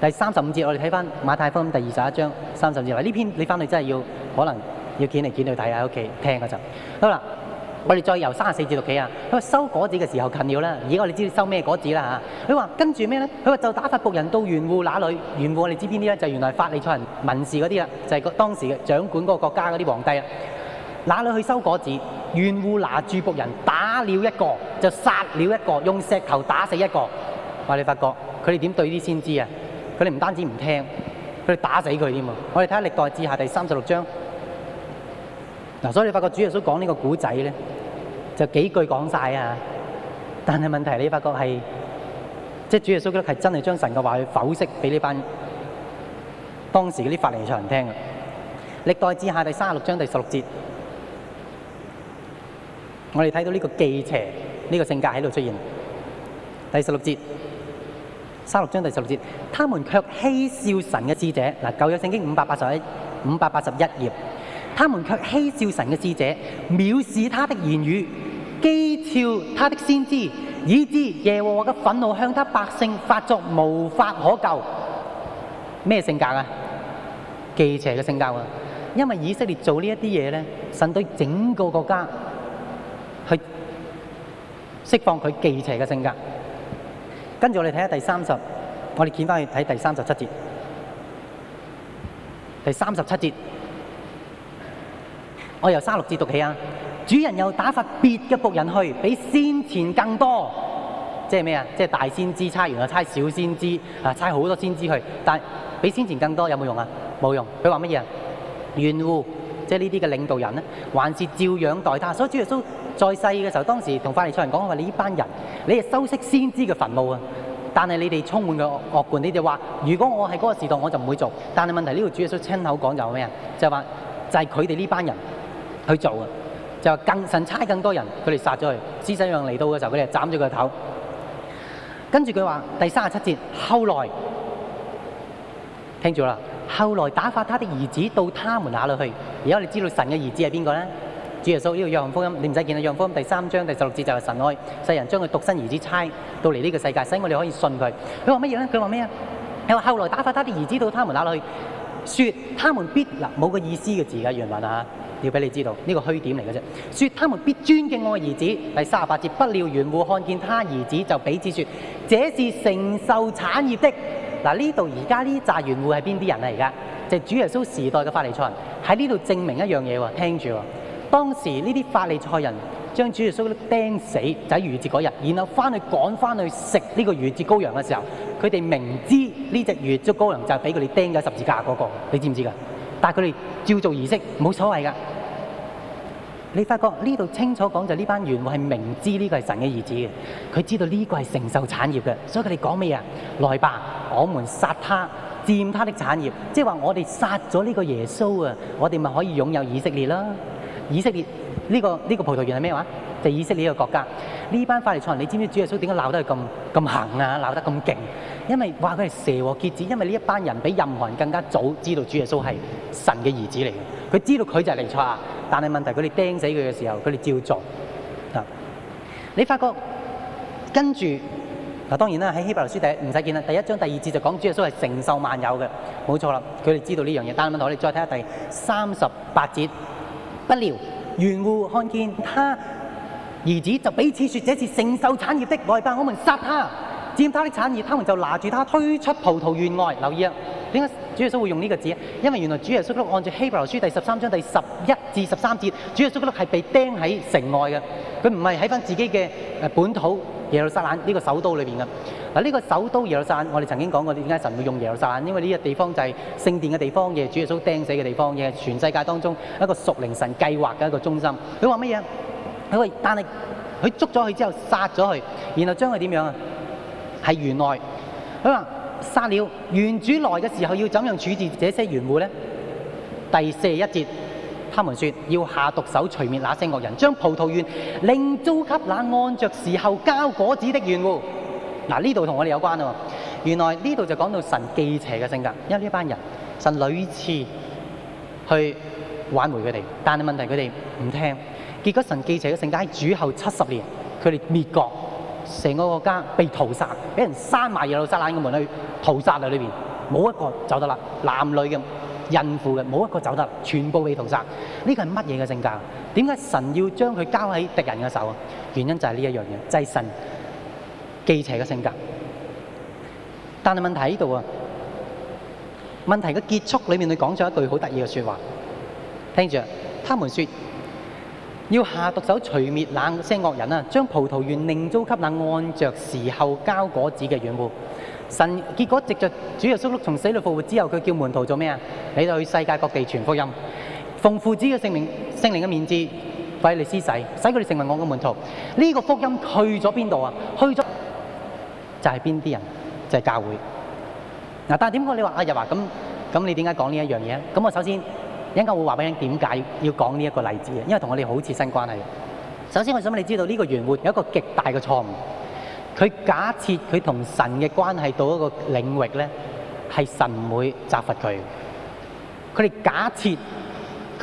A: 第三十五節，我看，我哋睇翻馬太福音第二十一章三十五節。嗱，呢篇你翻去真係要可能要捲嚟捲去睇下，屋企聽嗰陣。好啦，我哋再由三十四節讀起啊。佢話收果子嘅時候近要啦，而家我哋知你收咩果子啦嚇。佢話跟住咩咧？佢話就打發僕人到園戶那裏。園戶我哋知邊啲咧？就係、原來法利賽人民事嗰啲啊，就係當時掌管嗰個國家嗰啲皇帝啊。哪裏去收果子，園戶拿住，僕人打了一個，就殺了一個，用石頭打死一個。哇，你發覺佢哋點對啲先知啊？佢哋唔單止唔聽，佢哋打死佢添啊！我哋睇下歷代志下第三十六章。嗱，所以你發覺主耶穌講呢個古仔咧，就幾句講晒啊！但係問題你發覺係，即係主耶穌係真係將神嘅話去剖析俾呢班當時嗰啲法利賽人聽啊！歷代志下第三十六章第十六節。我哋睇到呢個忌邪呢、這個性格喺度出現。第十六節，三六章第十六節，他們卻嘻笑神嘅使者。嗱，舊約聖經五百八十一五百八十一頁，他們卻嘻笑神嘅使者，藐視他的言語，譏誚他的先知，以致耶和華嘅憤怒向他百姓發作，無法可救。咩性格啊？忌邪嘅性格啊！因為以色列做呢些啲嘢呢，神對整個國家。釋放佢忌邪嘅性格，跟住我哋睇下第三十，我哋見翻去睇第三十七節。第三十七節，我由三六節讀起啊！主人又打發別嘅僕人去，比先前更多，即係咩啊？即係大先知差完又差小先知，啊差好多先知去，但係比先前更多有冇用啊？冇用！佢話乜嘢啊？園戶，即係呢啲嘅領導人咧，還是照樣待他，所以主耶穌。在世嘅時候，當時同法利賽人講：話你呢班人，你係修飾先知嘅墳墓啊！但係你哋充滿嘅惡貫，你哋話如果我喺嗰個時代，我就唔會做。但係問題呢個主耶穌親口講就係咩啊？就係話就係佢哋呢班人去做啊！就更神差更多人，佢哋殺咗佢。思想羊嚟到嘅時候，佢哋斬咗佢嘅頭。跟住佢話第三十七節，後來聽住啦，後來打發他的兒子到他們那裡去。而家你知道神嘅兒子係邊個咧？主耶穌呢個約翰福音，你唔使見到約翰福音第三章第十六節就係神愛世人，將佢獨生兒子差到嚟呢個世界，使我哋可以信佢。佢話乜嘢咧？佢話咩啊？佢話後來打發他啲兒子到他們那裡去，說他們必嗱冇、啊、個意思嘅字嘅原文啊，要俾你知道呢、這個虛點嚟嘅啫。說他們必尊敬我嘅兒子。第三十八節，不料園戶看見他兒子就彼此說：這是承受產業的嗱。呢度而家呢紮園戶係邊啲人啊？而家就是、主耶穌時代嘅法利賽人喺呢度證明一樣嘢喎，聽住。當時呢啲法利賽人將主耶穌釘死就喺逾節嗰日，然後翻去趕翻去食呢個逾節羔羊嘅時候，佢哋明知呢隻逾節羔羊就係俾佢哋釘咗十字架嗰個，你知唔知噶？但係佢哋照做儀式，冇所謂噶。你發覺呢度清楚講就呢班園戶係明知呢個係神嘅兒子嘅，佢知道呢個係承受產業嘅，所以佢哋講咩啊？來吧，我們殺他，佔他的產業，即係話我哋殺咗呢個耶穌啊，我哋咪可以擁有以色列囉。以色列呢、這個呢、這個葡萄園係咩話？就是、以色列呢個國家呢班法利賽人，你知唔知道主耶穌點解鬧得佢咁咁狠啊？鬧得咁勁，因為話佢係蛇和蠍子，因為呢一班人比任何人更加早知道主耶穌係神嘅兒子嚟。佢知道佢就係離錯啊！但係問題佢哋釘死佢嘅時候，佢哋照做啊！你發覺跟住嗱、啊，當然啦，喺希伯來書第一唔使見啦，第一章第二節就講主耶穌係承受萬有嘅，冇錯啦。佢哋知道呢樣嘢。但係我哋再睇下第三十八節。不料，原戶看見他兒子，就彼此說這是承受產業的，來吧！我們殺他，佔他的產業。」他們就拿住他推出葡萄園外。留意啊，點解主耶穌會用呢個字？啊？因為原來主耶穌會按住希伯來書第十三章第十一至十三節，主耶穌基督係被釘喺城外嘅，佢唔係喺翻自己嘅本土耶路撒冷呢個首都裏邊嘅。嗱，呢個首都耶路撒，我哋曾經講過點解神會用耶路撒？因為呢個地方就係聖殿嘅地方，耶主耶穌釘死嘅地方，亦係全世界當中一個屬靈神計劃嘅一個中心。佢話乜嘢？佢話：但係佢捉咗佢之後殺咗佢，然後將佢點樣啊？係園內。佢話殺了園主來嘅時候要怎樣處置這些園戶咧？第四一節，他們說要下毒手除滅那些惡人，將葡萄園另租給那按着時候交果子的園戶。嗱，呢度同我哋有關啊！原來呢度就講到神忌邪嘅性格，因為呢班人，神屢次去挽回佢哋，但係問題佢哋唔聽，結果神忌邪嘅性格喺主後七十年，佢哋滅國，成個國家被屠殺，俾人閂埋耶路撒冷嘅門去屠殺喺裏邊，冇一個走得啦，男女嘅、孕婦嘅，冇一個走得，全部被屠殺。呢個係乜嘢嘅性格？點解神要將佢交喺敵人嘅手？原因就係呢一樣嘢，祭、就係、神。忌邪嘅性格，但係問題喺度啊！問題嘅結束裏面，佢講咗一句好得意嘅說話。聽住，他們說要下毒手除滅那些惡人啊，將葡萄園另租給那按着時候交果子嘅園戶。神結果，藉着主耶穌基督從死裏復活之後，佢叫門徒做咩啊？你哋去世界各地傳福音，奉父子嘅聖名、聖靈嘅名字，快去施洗，使佢哋成為我嘅門徒。呢、這個福音去咗邊度啊？去咗。就係邊啲人？就係教會。嗱，但係點解你話阿日華咁咁？你點解講呢一樣嘢？咁我首先，一陣間會話俾你點解要講呢一個例子嘅，因為同我哋好似新關係。首先，我想你知道呢個圓活有一個極大嘅錯誤。佢假設佢同神嘅關係到一個領域咧，係神唔會責罰佢。佢哋假設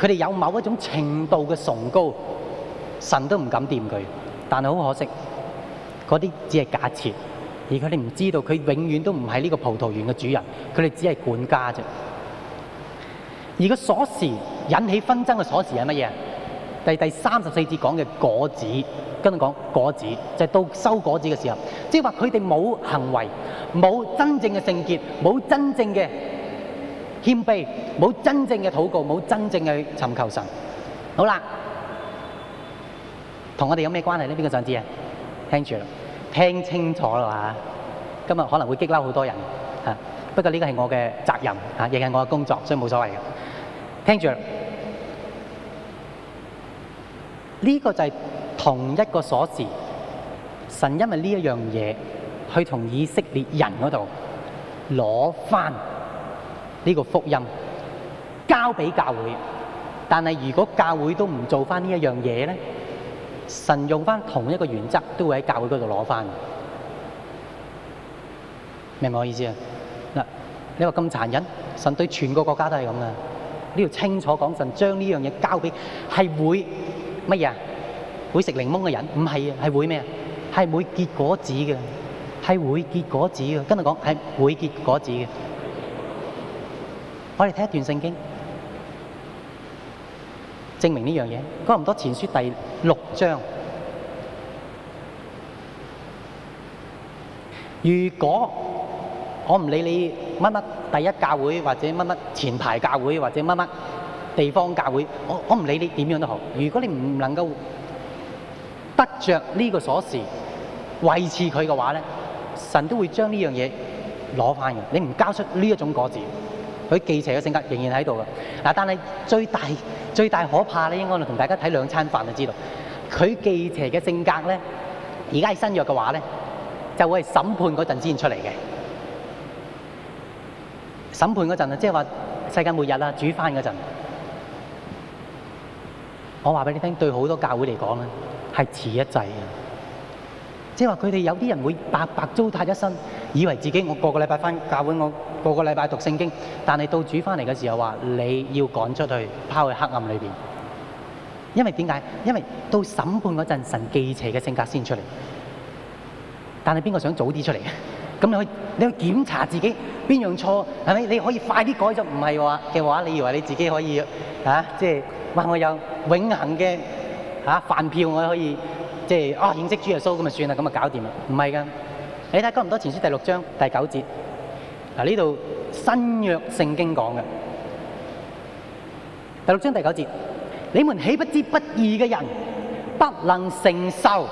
A: 佢哋有某一種程度嘅崇高，神都唔敢掂佢。但係好可惜，嗰啲只係假設。而佢哋唔知道，佢永遠都唔係呢個葡萄園嘅主人，佢哋只係管家啫。而個鎖匙引起紛爭嘅鎖匙係乜嘢？就係第第三十四節講嘅果子，跟住講果子，就係到收果子嘅時候，即係話佢哋冇行為，冇真正嘅聖潔，冇真正嘅謙卑，冇真正嘅禱告，冇真正嘅尋求神。好啦，同我哋有咩關係呢？邊個想知啊？聽住啦。聽清楚啦，今日可能會激嬲好多人，吓。不過呢個係我嘅責任，吓亦係我嘅工作，所以冇所謂嘅。聽住，呢個就係同一個鎖匙。神因為呢一樣嘢，去同以色列人嗰度攞翻呢個福音，交俾教會。但係如果教會都唔做翻呢一樣嘢咧？神用翻同一個原則，都會喺教會嗰度攞翻，明我意思啊？嗱，你話咁殘忍，神對全個國家都係咁噶。你要清楚講，神將呢樣嘢交俾係會乜嘢啊？會食檸檬嘅人唔係啊，係會咩啊？係會結果子嘅，係會結果子嘅。跟我講，係會結果子嘅。我哋睇一段聖經。證明呢樣嘢，哥林多前書第六章，如果我唔理你乜乜第一教會，或者乜乜前排教會，或者乜乜地方教會，我我唔理你點樣都好。如果你唔能夠得著呢個鎖匙維持佢嘅話咧，神都會將呢樣嘢攞返嚟。你唔交出呢一種果子。佢忌邪嘅性格仍然喺度㗎，嗱，但係最大最大可怕咧，應該同大家睇兩餐飯就知道。佢忌邪嘅性格咧，而家係新約嘅話咧，就會係審判嗰陣先出嚟嘅。審判嗰陣啊，即係話世界末日啊，煮飯嗰陣，我話俾你聽，對好多教會嚟講咧，係遲一滯嘅。即係話佢哋有啲人會白白糟蹋一身，以為自己我個個禮拜返教會我。個個禮拜讀聖經，但係到主翻嚟嘅時候話，你要趕出去，拋去黑暗裏邊。因為點解？因為到審判嗰陣，神忌邪嘅性格先出嚟。但係邊個想早啲出嚟？咁你可以，你去檢查自己邊樣錯，係咪？你可以快啲改咗，唔係話嘅話，你以為你自己可以吓？即係哇！我有永恒嘅吓飯票，我可以即係啊，認識主耶穌咁啊，算啦，咁啊，搞掂啦。唔係噶，你睇哥林多前書第六章第九節。嗱、啊，呢度新約聖經講嘅第六章第九節，你們豈不知不義嘅人不能承受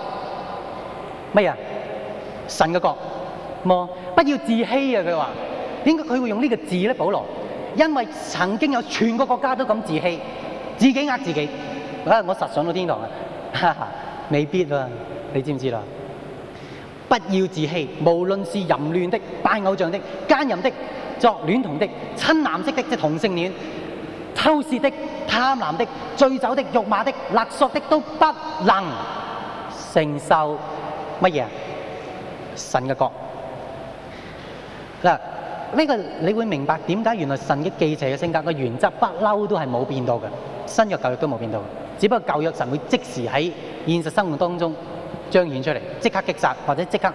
A: 乜啊？神嘅國冇，不要自欺啊！佢話，點解佢會用呢個字咧？保羅，因為曾經有全個國家都咁自欺，自己呃自己，啊、我實上到天堂啊？未必啦，你知唔知啦？不要自欺，無論是淫亂的、拜偶像的、奸淫的、作戀童的、親男色的即同性戀、偷竊的、貪婪的、醉酒的、辱罵的、勒索的，都不能承受乜嘢神嘅國。嗱，呢個你會明白點解原來神嘅忌邪嘅性格嘅原則不嬲都係冇變到嘅，新約舊約都冇變到，只不過舊約神會即時喺現實生活當中。彰顯出嚟，即刻擊殺，或者即刻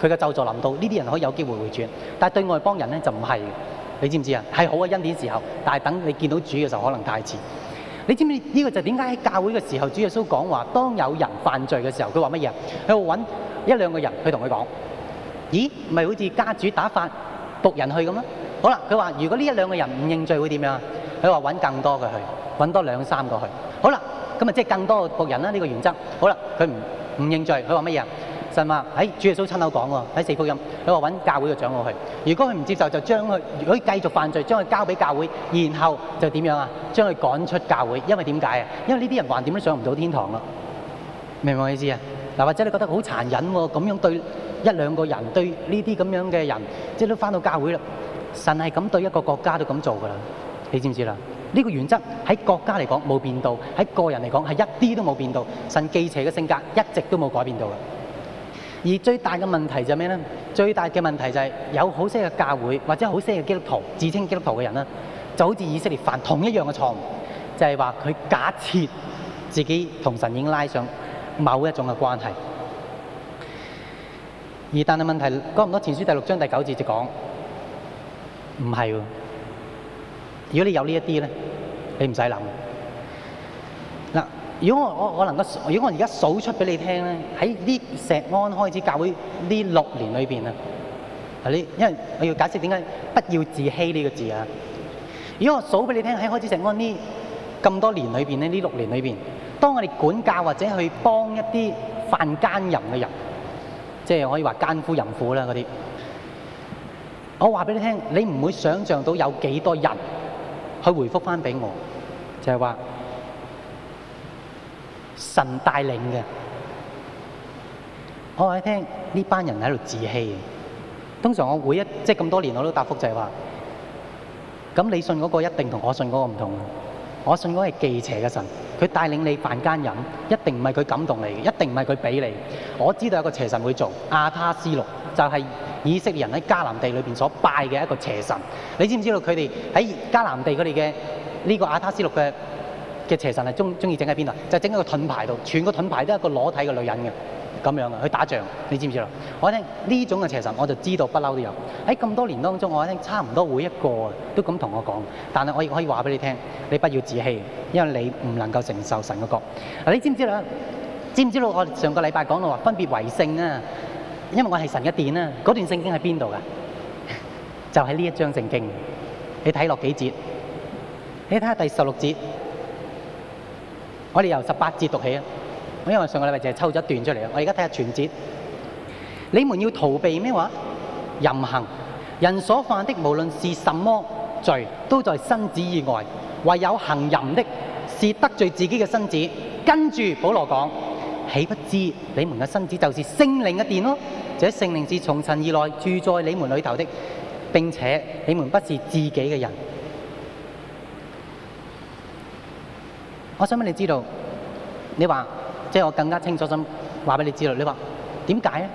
A: 佢嘅咒詛臨到呢啲人可以有機會回轉，但係對外邦人咧就唔係。你知唔知啊？係好嘅恩典時候，但係等你見到主嘅時候可能太遲。你知唔知呢個就點解喺教會嘅時候，主耶穌講話，當有人犯罪嘅時候，佢話乜嘢啊？佢會揾一兩個人去同佢講，咦，咪好似家主打發僕人去咁啊？好啦，佢話如果呢一兩個人唔認罪會點樣啊？佢話揾更多嘅去，揾多兩三個去。好啦，咁啊即係更多僕人啦。呢個原則好啦，佢唔。唔認罪，佢話乜嘢啊？神話喺、哎、主耶穌親口講喎，喺四福音，佢話揾教會嘅長老去。如果佢唔接受，就將佢如果繼續犯罪，將佢交俾教會，然後就點樣啊？將佢趕出教會，因為點解啊？因為呢啲人橫掂都上唔到天堂咯。明唔明我意思啊？嗱，或者你覺得好殘忍喎，咁樣對一兩個人，對呢啲咁樣嘅人，即係都返到教會啦。神係咁對一個國家都咁做噶啦，你知唔知啦？呢、這個原則喺國家嚟講冇變到，喺個人嚟講係一啲都冇變到。神忌邪嘅性格一直都冇改變到嘅。而最大嘅問題就係咩呢？最大嘅問題就係有好些嘅教會或者好些嘅基督徒，自稱基督徒嘅人咧，就好似以色列犯同一樣嘅錯誤，就係話佢假設自己同神已經拉上某一種嘅關係。而但係問題講唔多，剛剛前書第六章第九節就講，唔係。如果你有呢一啲咧，你唔使諗。嗱，如果我我我能夠，如果我而家數出俾你聽咧，喺呢石安開始教會呢六年裏邊啊，係呢，因為我要解釋點解不要自欺呢個字啊。如果我數俾你聽喺開始石安呢咁多年裏邊咧，呢六年裏邊，當我哋管教或者去幫一啲犯奸淫嘅人，即係可以話奸夫淫婦啦嗰啲，我話俾你聽，你唔會想像到有幾多人。佢回覆返俾我，就係話神帶領嘅。我一聽呢班人喺度自欺。通常我會一即係咁多年我都答覆就係話，咁你信嗰個一定同我信嗰個唔同。我信嗰係忌邪嘅神，佢帶領你犯奸淫，一定唔係佢感動你嘅，一定唔係佢俾你的。我知道有個邪神會做亞斯他錄。就係、是、以色列人喺迦南地裏邊所拜嘅一個邪神。你知唔知道佢哋喺迦南地佢哋嘅呢個亞斯他錄嘅嘅邪神係中中意整喺邊度？就整、是、喺個盾牌度，全個盾牌都係一個裸體嘅女人嘅咁樣嘅去打仗。你知唔知啦？我聽呢種嘅邪神，我就知道不嬲都有喺咁多年當中，我聽差唔多每一個都咁同我講。但係我亦可以話俾你聽，你不要自欺，因為你唔能夠承受神嘅國。嗱，你知唔知啦？知唔知道我上個禮拜講到話分別為聖啊？因為我係神嘅殿啊，嗰段聖經喺邊度㗎？就喺、是、呢一章聖經，你睇落幾節？你睇下第十六節，我哋由十八節讀起啊！我因為上個禮拜淨係抽咗一段出嚟啊，我而家睇下全節。你們要逃避咩話？淫行人所犯的無論是什麼罪，都在身子以外；唯有行淫的，是得罪自己嘅身子。跟住保羅講。豈不知你們嘅身子就是聖靈嘅殿咯？這聖靈是從神而來，住在你們裏頭的，並且你們不是自己嘅人。我想俾你知道，你話即係我更加清楚咁話俾你知啦。你話點解咧？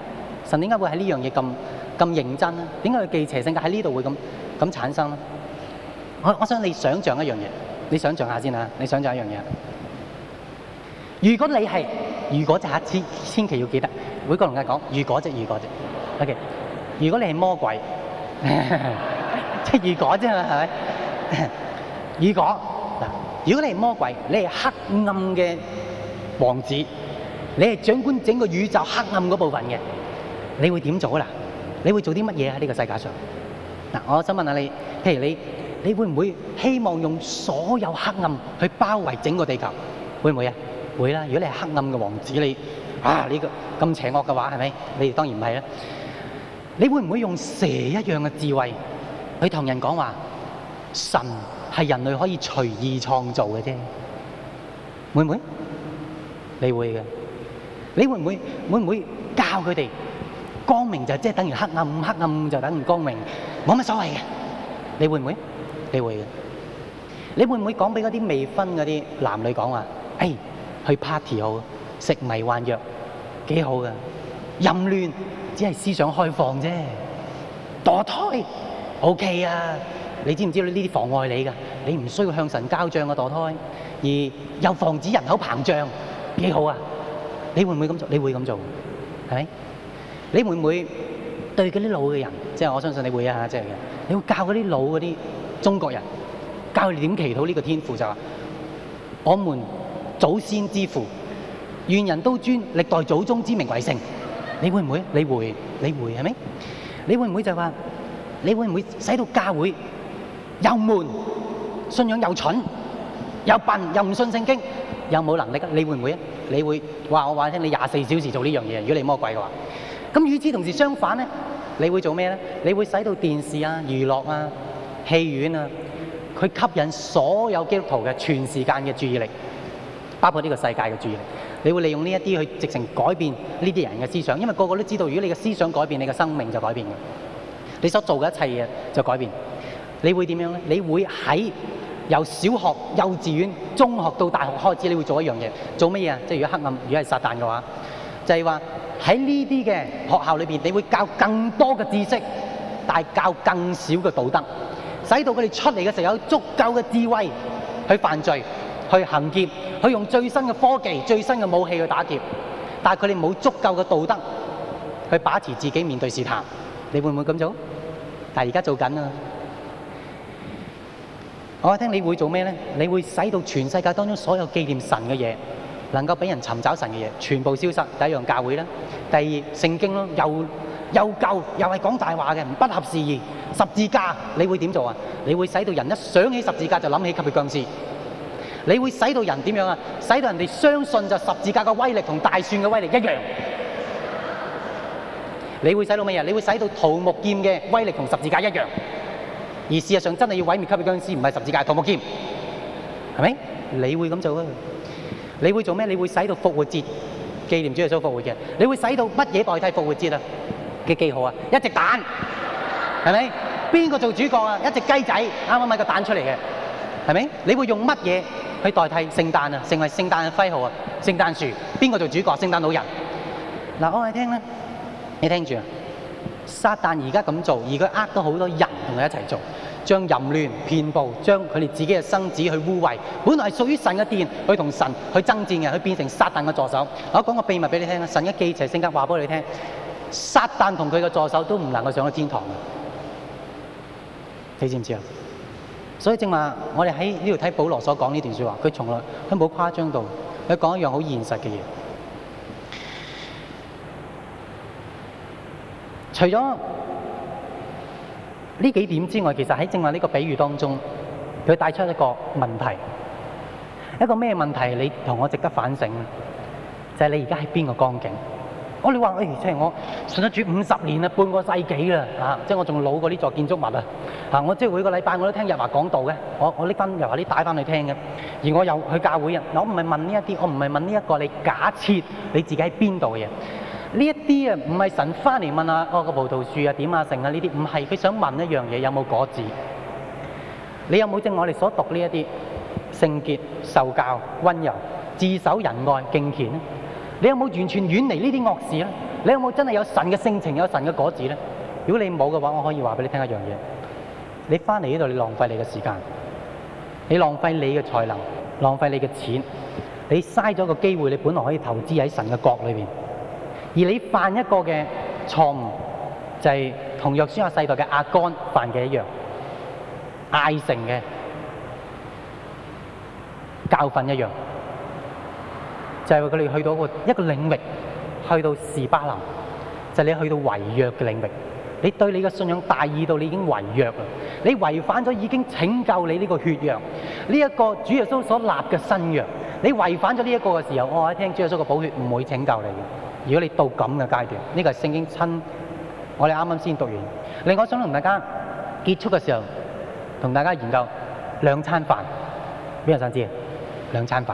A: 神點解會喺呢樣嘢咁咁認真咧？點解佢忌邪性格喺呢度會咁咁產生咧？我我想你想象一樣嘢，你想象下先吓，你想象一樣嘢。如果你係如果隻黑千千祈要記得，每個人家講，如果隻如果隻，OK。如果你係魔鬼，即係如果啫嘛，係咪？如果嗱，如果你係魔鬼，你係黑暗嘅王子，你係掌管整個宇宙黑暗嗰部分嘅，你會點做啊？嗱，你會做啲乜嘢喺呢個世界上？嗱，我想問下你，譬如你，你會唔會希望用所有黑暗去包圍整個地球？會唔會啊？會啦！如果你係黑暗嘅王子，你啊呢個咁邪惡嘅話，係咪？你當然唔係啦。你會唔會用蛇一樣嘅智慧去同人講話？神係人類可以隨意創造嘅啫。會唔會？你會嘅。你會唔會會唔會教佢哋光明就即係等於黑暗，黑暗就等於光明，冇乜所謂嘅？你會唔會？你會嘅。你會唔會講俾嗰啲未婚嗰啲男女講話？哎！去 party 好，食迷幻藥幾好噶？淫亂只係思想開放啫。墮胎 OK 啊？你知唔知呢啲妨礙你噶？你唔需要向神交賬嘅墮胎，而又防止人口膨脹，幾好啊？你會唔會咁做？你會咁做？係咪？你會唔會對嗰啲老嘅人？即係我相信你會啊！即係嘅，你會教嗰啲老嗰啲中國人教你點祈禱呢個天父就話：我們。祖先之父，願人都尊歷代祖宗之名為聖。你會唔會？你會？你會係咪？你會唔會就係話？你會唔會使到教會又悶、信仰又蠢、又笨、又唔信聖經、又冇能力？你會唔會啊？你會？話我話聽，你廿四小時做呢樣嘢，如果你魔鬼嘅話。咁與此同時相反咧，你會做咩咧？你會使到電視啊、娛樂啊、戲院啊，佢吸引所有基督徒嘅全時間嘅注意力。包括呢個世界嘅注意力，你會利用呢一啲去直情改變呢啲人嘅思想，因為個個都知道，如果你嘅思想改變，你嘅生命就改變嘅。你所做嘅一切嘢就改變。你會點樣呢？你會喺由小學、幼稚園、中學到大學開始，你會做一樣嘢，做乜嘢啊？即係如果黑暗，如果係撒旦嘅話，就係話喺呢啲嘅學校裏面，你會教更多嘅知識，但係教更少嘅道德，使到佢哋出嚟嘅時候有足夠嘅智慧去犯罪。去行劫，去用最新嘅科技、最新嘅武器去打劫，但係佢哋冇足夠嘅道德去把持自己面對試探，你會唔會咁做？但係而家做緊啊！我一聽你，你會做咩咧？你會使到全世界當中所有紀念神嘅嘢，能夠俾人尋找神嘅嘢，全部消失。第一樣教會啦，第二聖經咯，又又舊又係講大話嘅，不合時宜。十字架，你會點做啊？你會使到人一想起十字架就諗起吸血僵屍。你會使到人點樣啊？使到人哋相信就十字架嘅威力同大蒜嘅威力一樣。你會使到乜嘢？你會使到桃木劍嘅威力同十字架一樣。而事實上真係要毀滅級嘅僵屍，唔係十字架、桃木劍，係咪？你會咁做啊？你會做咩？你會使到復活節紀念主耶穌復活嘅。你會使到乜嘢代替復活節啊？嘅記號啊？一隻蛋，係咪？邊個做主角啊？一隻雞仔啱啱搵個蛋出嚟嘅，係咪？你會用乜嘢？佢代替聖誕啊，成為聖誕嘅徽號啊，聖誕樹。邊個做主角？聖誕老人。嗱，我哋聽咧，你聽住啊。撒旦而家咁做，而佢呃到好多人同佢一齊做，將淫亂、遍暴，將佢哋自己嘅生 o 去污衊。本來係屬於神嘅殿，佢同神去爭戰嘅，佢變成撒旦嘅助手。我講個秘密俾你聽啊，神一記仇性格話俾你哋聽，撒旦同佢嘅助手都唔能夠上去天堂啊。」你知唔知啊？所以正話，我哋喺呢度睇保羅所講呢段説話，佢從來都冇誇張到，佢講一樣好現實嘅嘢。除咗呢幾點之外，其實喺正話呢個比喻當中，佢帶出一個問題，一個咩問題？你同我值得反省，就係你而家喺邊個光景？我你話誒，即、哎、係我信咗主五十年啦，半個世紀啦，嚇、啊！即係我仲老過呢座建築物啊！嚇！我即係每個禮拜我都聽日華講道嘅，我我拎翻日華啲帶翻去聽嘅。而我又去教會啊！我唔係問呢一啲，我唔係問呢、這、一個你、這個、假設你自己喺邊度嘅嘢。呢一啲啊，唔係神翻嚟問啊個葡萄樹啊點啊成啊呢啲，唔係佢想問一樣嘢，有冇果子？你有冇正我哋所讀呢一啲聖潔、受教、温柔、自守、仁愛、敬虔？你有冇完全遠離這些惡呢啲惡事咧？你有冇真係有神嘅性情有神嘅果子咧？如果你冇嘅話，我可以話俾你聽一樣嘢：你翻嚟呢度，你浪費你嘅時間，你浪費你嘅才能，浪費你嘅錢，你嘥咗個機會，你本來可以投資喺神嘅國裏面，而你犯一個嘅錯誤，就係同約書亞世代嘅亞干犯嘅一樣，艾城嘅教訓一樣。就係佢哋去到一個一個領域，去到士巴林，就是、你去到違約嘅領域。你對你嘅信仰大意到你已經違約啦，你違反咗已經拯救你呢個血約，呢、這、一個主耶穌所立嘅新約，你違反咗呢一個嘅時候，我喺聽主耶穌嘅寶血唔會拯救你嘅。如果你到咁嘅階段，呢、這個係聖經親。我哋啱啱先讀完，另外我想同大家結束嘅時候，同大家研究兩餐飯，邊個想知啊？兩餐飯。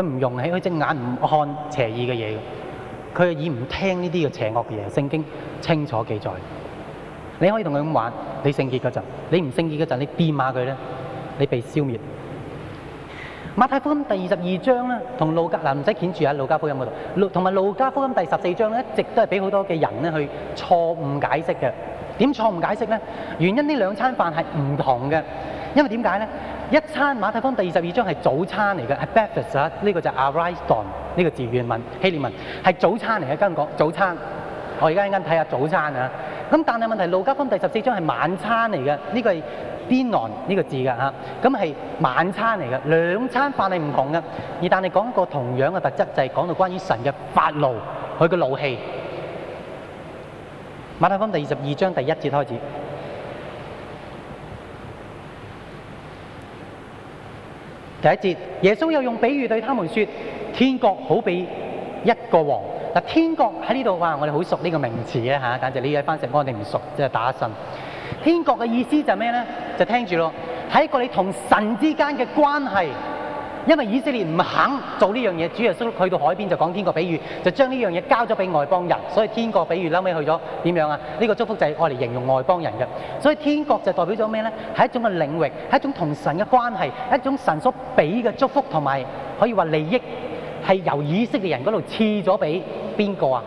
A: 佢唔容許佢隻眼唔看邪意嘅嘢，佢又以唔聽呢啲嘅邪惡嘅嘢。聖經清楚記載，你可以同佢咁玩。你聖潔嗰陣，你唔聖潔嗰陣，你掂下佢咧，你被消滅。馬太福音第二十二章咧，同路加嗱唔使鉛住喺路加福音嗰度，同埋路加福音第十四章咧，一直都係俾好多嘅人咧去錯誤解釋嘅。點錯誤解釋咧？原因呢兩餐飯係唔同嘅，因為點解咧？一餐馬太福音第二十二章係早餐嚟嘅，係 breakfast 啊，呢、這個就 ariston 呢個字原文希臘文係早餐嚟嘅，跟住講早餐。我而家一間睇下早餐啊。咁但係問題路加福音第十四章係晚餐嚟嘅，呢、這個係 deipnon 呢個字㗎吓，咁、啊、係晚餐嚟嘅，兩餐飯係唔同嘅。而但係講個同樣嘅特質就係、是、講到關於神嘅發怒，佢嘅怒氣。馬太福音第二十二章第一節開始。第一節，耶穌又用比喻對他們説：天國好比一個王，嗱，天國喺呢度話，我哋好熟呢個名詞嘅嚇，感謝呢一翻神，我哋唔熟，即係打神天國嘅意思就係咩咧？就聽住咯，係一個你同神之間嘅關係。因為以色列唔肯做呢樣嘢，主耶穌去到海邊就講天國比喻，就將呢樣嘢交咗俾外邦人，所以天國比喻後尾去咗點樣啊？呢個祝福就係愛嚟形容外邦人嘅，所以天國就代表咗咩呢？係一種嘅領域，係一種同神嘅關係，一種神所俾嘅祝福同埋可以話利益，係由以色列人嗰度賜咗俾邊個啊？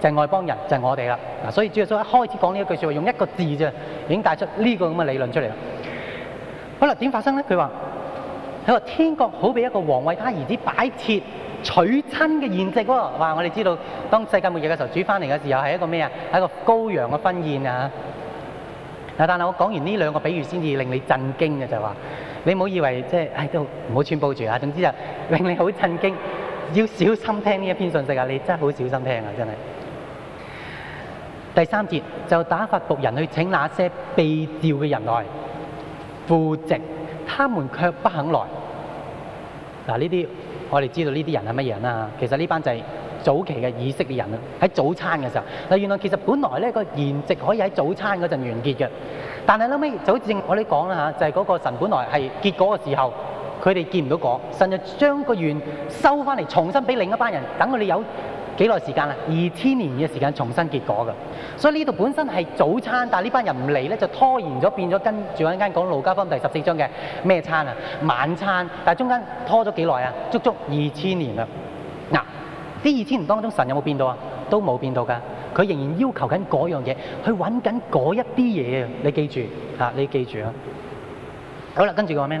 A: 就係外邦人，就係我哋啦。嗱，所以主耶穌一開始講呢一句説話，用一個字啫，已經帶出呢個咁嘅理論出嚟啦。好啦，點發生呢？佢話。佢話天國好俾一個王為他兒子擺設娶親嘅宴席喎，話我哋知道當世界末日嘅時候主返嚟嘅時候係一個咩啊？係一個羔羊嘅婚宴啊！嗱，但係我講完呢兩個比喻先至令你震驚嘅、啊、就係、是、話，你唔好以為即係、就是，唉都唔好穿布住啊！總之就令你好震驚，要小心聽呢一篇信息啊！你真係好小心聽啊！真係。第三節就打發僕人去請那些被召嘅人來赴席，他們卻不肯來。嗱，呢啲我哋知道呢啲人係乜嘢人啊？其實呢班就係早期嘅意識嘅人啦。喺早餐嘅時候，嗱，原來其實本來咧個筵席可以喺早餐嗰陣完結嘅，但係後尾就好似我哋講啦吓，就係嗰、就是、個神本來係結果嘅時候，佢哋見唔到果，神就將個園收翻嚟，重新俾另一班人等佢哋有。幾耐時間啦？二千年嘅時間重新結果噶，所以呢度本身係早餐，但係呢班人唔嚟咧，就拖延咗，變咗跟住一間講路加福音第十四章嘅咩餐啊？晚餐，但係中間拖咗幾耐啊？足足二千年啦！嗱，呢二千年當中，神有冇變到啊？都冇變到噶，佢仍然要求緊嗰樣嘢，去揾緊嗰一啲嘢啊！你記住啊，你記住啊！好啦，跟住佢話咩？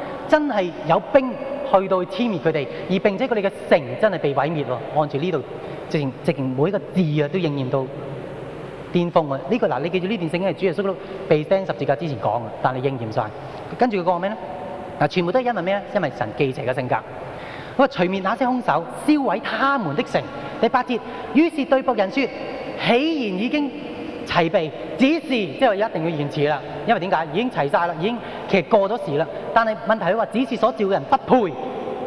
A: 真係有兵去到去殲滅佢哋，而並且佢哋嘅城真係被毀滅喎。按住呢度，直情直情每一個字啊都應驗到巔峯喎。呢、這個嗱你記住呢段聖經係主耶穌都被釘十字架之前講嘅，但係應驗晒。跟住佢講咩咧？嗱，全部都係因為咩咧？因為神記者嘅性格。我話除滅那些兇手，燒毀他們的城。第八節，於是對僕人說：起然已經。提備指示，即係話一定要延遲啦，因為點解已經齊晒啦，已經其實過咗時啦。但係問題佢話指示所召嘅人不配，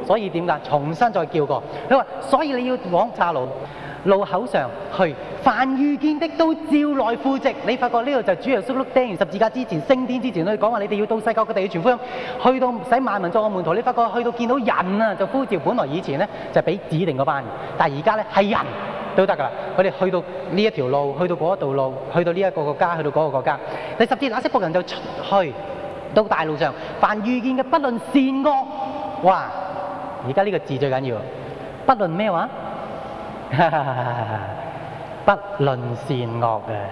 A: 所以點解重新再叫過佢話？所以你要往岔路。路口上去，凡遇見的都召來赴席。你發覺呢度就主耶穌碌釘十字架之前，升天之前，佢講話你哋要到世界各地全呼去到使萬民作我門徒。你發覺去到見到人啊，就呼召。本來以前咧就俾指定嗰班，但係而家咧係人都得噶啦。佢哋去到呢一條路，去到嗰一道路，去到呢一個國家，去到嗰個國家。你十至那些僕人就去到大路上，凡遇見嘅不論善惡，哇！而家呢個字最緊要，不論咩話。哈哈！不論善惡嘅，啊，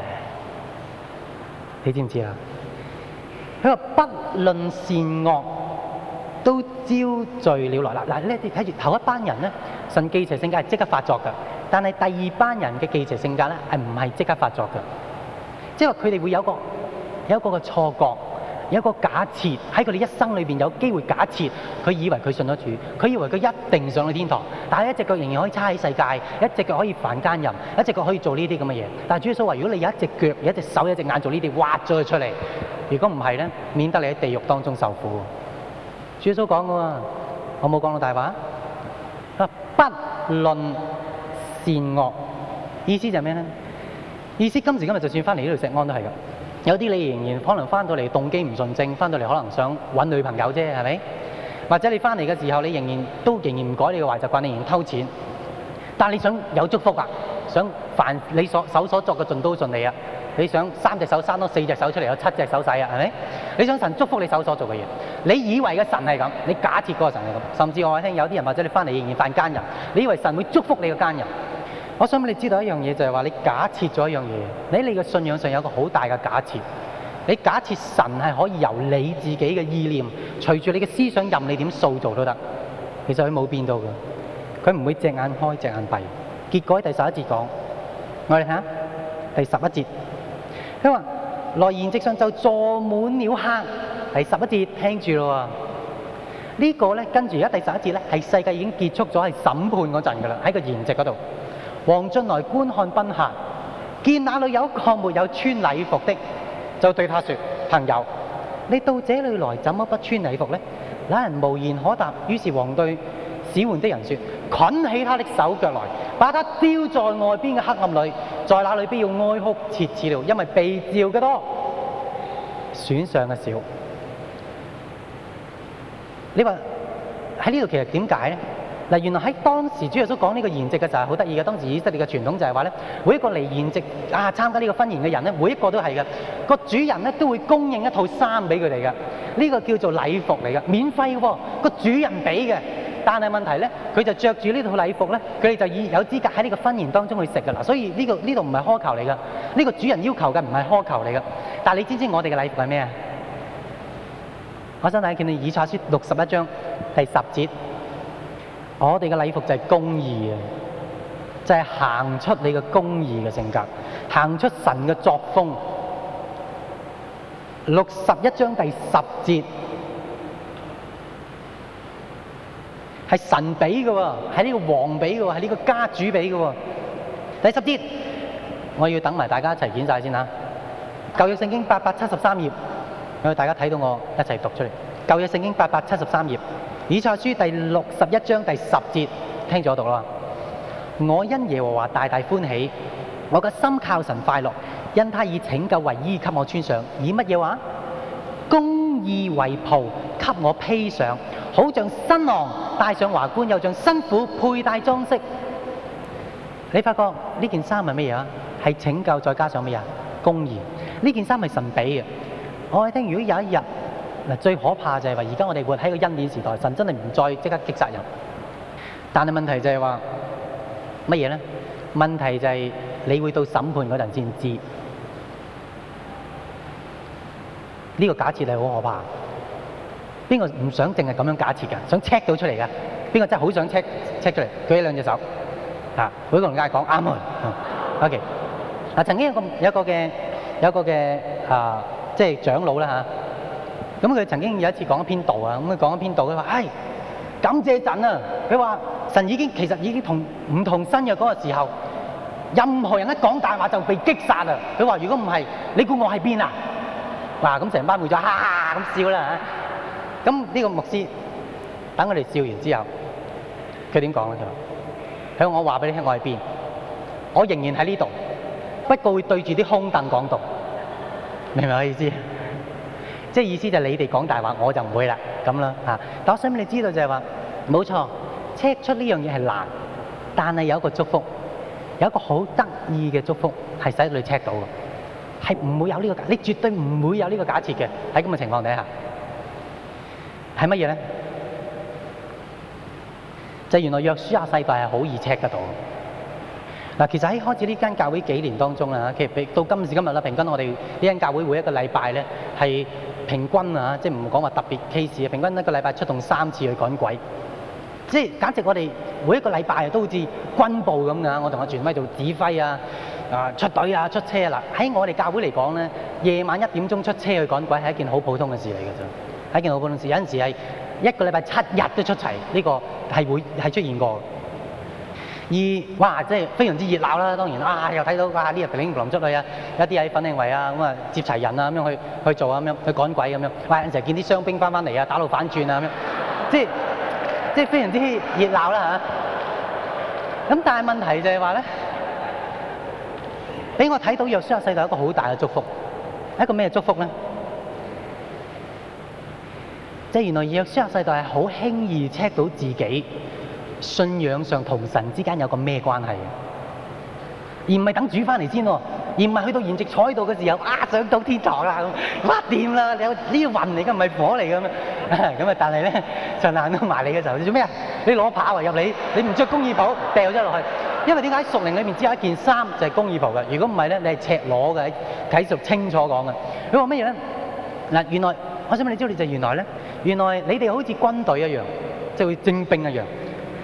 A: 你知唔知啊？佢話不論善惡都招罪了來啦。嗱，你睇住頭一班人咧，信記者性格係即刻發作噶，但係第二班人嘅記者性格咧係唔係即刻發作噶即係話佢哋會有個有一個，有一個嘅錯覺。有一個假設喺佢哋一生裏邊有機會假設，佢以為佢信咗主，佢以為佢一定上咗天堂，但係一隻腳仍然可以叉喺世界，一隻腳可以犯奸淫，一隻腳可以做呢啲咁嘅嘢。但係主耶穌話：如果你有一隻腳，有一隻手、有一隻眼做呢啲，挖咗佢出嚟。如果唔係咧，免得你喺地獄當中受苦。主耶穌講嘅喎，我冇講到大話。佢話不論善惡，意思就係咩咧？意思今時今日就算翻嚟呢度食安都係㗎。有啲你仍然可能翻到嚟動機唔純正，翻到嚟可能想揾女朋友啫，係咪？或者你翻嚟嘅時候，你仍然都仍然唔改你嘅壞習慣，你仍然偷錢。但係你想有祝福啊？想凡你所手所作嘅盡都順利啊！你想三隻手生多四隻手出嚟，有七隻手使啊？係咪？你想神祝福你手所做嘅嘢？你以為嘅神係咁？你假設嗰個神係咁？甚至我聽有啲人或者你翻嚟仍然犯奸淫，你以為神會祝福你嘅奸淫。我想你知道一樣嘢，就係話你假設咗一樣嘢，喺你嘅信仰上有個好大嘅假設。你假設神係可以由你自己嘅意念，隨住你嘅思想，任你點塑造都得。其實佢冇變到嘅，佢唔會隻眼開隻眼閉。結果喺第十一節講，我哋睇下第十一節。佢話，來筵席上就坐滿了客。第十一節聽住咯喎，呢個咧跟住而家第十一節咧係世界已經結束咗，係審判嗰陣㗎啦，喺個筵席嗰度。王進來觀看賓客，見那裏有一個沒有穿禮服的，就對他說：朋友，你到這裏來，怎麼不穿禮服呢？那人無言可答。於是王對使喚的人說：捆起他的手腳來，把他丟在外邊嘅黑暗裏，在那裏必要哀哭切齒了，因為被召嘅多，選上嘅少。你話喺呢度其實點解呢？嗱，原來喺當時主耶穌講呢個筵席嘅時候係好得意嘅。當時以色列嘅傳統就係話咧，每一個嚟筵席啊，參加呢個婚宴嘅人咧，每一個都係嘅。個主人咧都會供應一套衫俾佢哋嘅，呢個叫做禮服嚟嘅，免費喎，個主人俾嘅。但係問題咧，佢就着住呢套禮服咧，佢哋就以有資格喺呢個婚宴當中去食㗎啦。所以呢個呢度唔係苛求嚟嘅，呢個主人要求嘅唔係苛求嚟嘅。但係你知唔知我哋嘅禮服係咩啊？我想睇見你《以賽亞書》六十一章第十節。我哋嘅禮服就係公義啊！就係行出你嘅公義嘅性格，行出神嘅作風。六十一章第十節係神俾嘅喎，係呢個王俾嘅喎，係呢個家主俾嘅喎。第十節，我要等埋大家一齊見曬先啊！舊約聖經八百七十三頁，我哋大家睇到我一齊讀出嚟。舊約聖經八百七十三頁。以賽書第六十一章第十節，聽咗讀啦。我因耶和華大大歡喜，我嘅心靠神快樂，因他以拯救為衣給我穿上，以乜嘢話？公義為袍給我披上，好像新郎戴上華冠，又像新婦佩戴裝飾。你發覺呢件衫係乜嘢啊？係拯救再加上乜嘢啊？公義。呢件衫係神俾嘅。我哋聽如果有一日。嗱，最可怕就係話，而家我哋活喺個恩典時代，神真係唔再即刻擊殺人。但係問題就係話乜嘢咧？問題就係你會到審判嗰陣先知道。呢個假設係好可怕。邊個唔想淨係咁樣假設㗎？想 check 到出嚟㗎？邊個真係好想 check check 出嚟？舉起兩隻手。啊，每個人嗌講啱佢。OK。嗱，曾經有一個有一個嘅有一個嘅啊，即係長老啦嚇。啊咁佢曾經有一次講一篇道啊，咁佢講一篇道佢話：唉，感謝神啊！佢話神已經其實已經同唔同新嘅嗰個時候，任何人一講大話就被擊殺啦！佢話如果唔係，你估我喺邊啊？嗱！咁成班會就哈哈咁笑啦嚇。咁呢個牧師等佢哋笑完之後，佢點講咧，佢話我話俾你聽：我喺邊？我仍然喺呢度，不過會對住啲空凳講道。明唔明我意思？即係意思就係你哋講大話，我就唔會啦，咁啦嚇。但我想俾你知道就係話，冇錯，check 出呢樣嘢係難，但係有一個祝福，有一個好得意嘅祝福係使你 check 到嘅，係唔會有呢個假，你絕對唔會有呢個假設嘅喺咁嘅情況底下。係乜嘢咧？就原來約書亞世代係好易 check 得到的。嗱，其實喺開始呢間教會幾年當中啊，其實到今時今日啦，平均我哋呢間教會每一個禮拜咧，係平均啊，即係唔講話特別 case，平均一個禮拜出動三次去趕鬼，即係簡直我哋每一個禮拜啊，都好似軍部咁樣，我同阿全威做指揮啊，啊出隊啊出車啊，嗱喺我哋教會嚟講咧，夜晚一點鐘出車去趕鬼係一件好普通嘅事嚟㗎啫，係一件好普通事，有陣時係一個禮拜七日都出齊，呢個係會係出現過。咦！哇！即係非常之熱鬧啦，當然啊，又睇到啊呢入邊拎布朗出去些啊，有啲喺粉嶺圍啊咁啊接齊人啊咁樣去去做啊咁樣去趕鬼咁樣。哇！成日見啲傷兵翻翻嚟啊，打路反轉啊咁樣，即係即係非常之熱鬧啦嚇。咁、啊、但係問題就係話咧，俾我睇到約書亞世代一個好大嘅祝福，係一個咩祝福咧？即、就、係、是、原來約書亞世代係好輕易 check 到自己。信仰上同神之間有個咩關係？而唔係等煮翻嚟先喎、啊，而唔係去到筵席坐喺度嘅時候啊，上到天堂啦，哇！掂啦，你有 呢啲雲嚟噶，唔係火嚟噶咩？咁啊，但係咧，就難到埋你嘅時候，你做咩啊？你攞棒入嚟，你唔着公義袍掉咗落去，因為點解屬靈裏面只有一件衫就係公義袍嘅？如果唔係咧，你係赤裸嘅，喺睇屬清楚講嘅。佢話乜嘢咧？嗱，原來我想問你知道你就係、原來咧？原來你哋好似軍隊一樣，即係會徵兵一樣。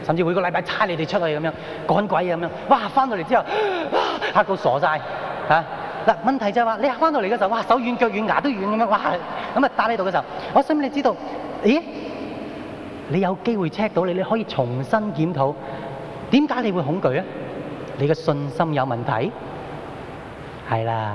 A: 甚至每個禮拜差你哋出去咁樣趕鬼啊，咁樣，哇！翻到嚟之後，哇！嚇到傻曬嚇。嗱，問題就係話，你翻到嚟嘅時候，哇！手軟腳軟牙都軟咁樣，哇！咁啊打你度嘅時候，我想問你知道，咦？你有機會 check 到你，你可以重新檢討點解你會恐懼啊？你嘅信心有問題，係啦。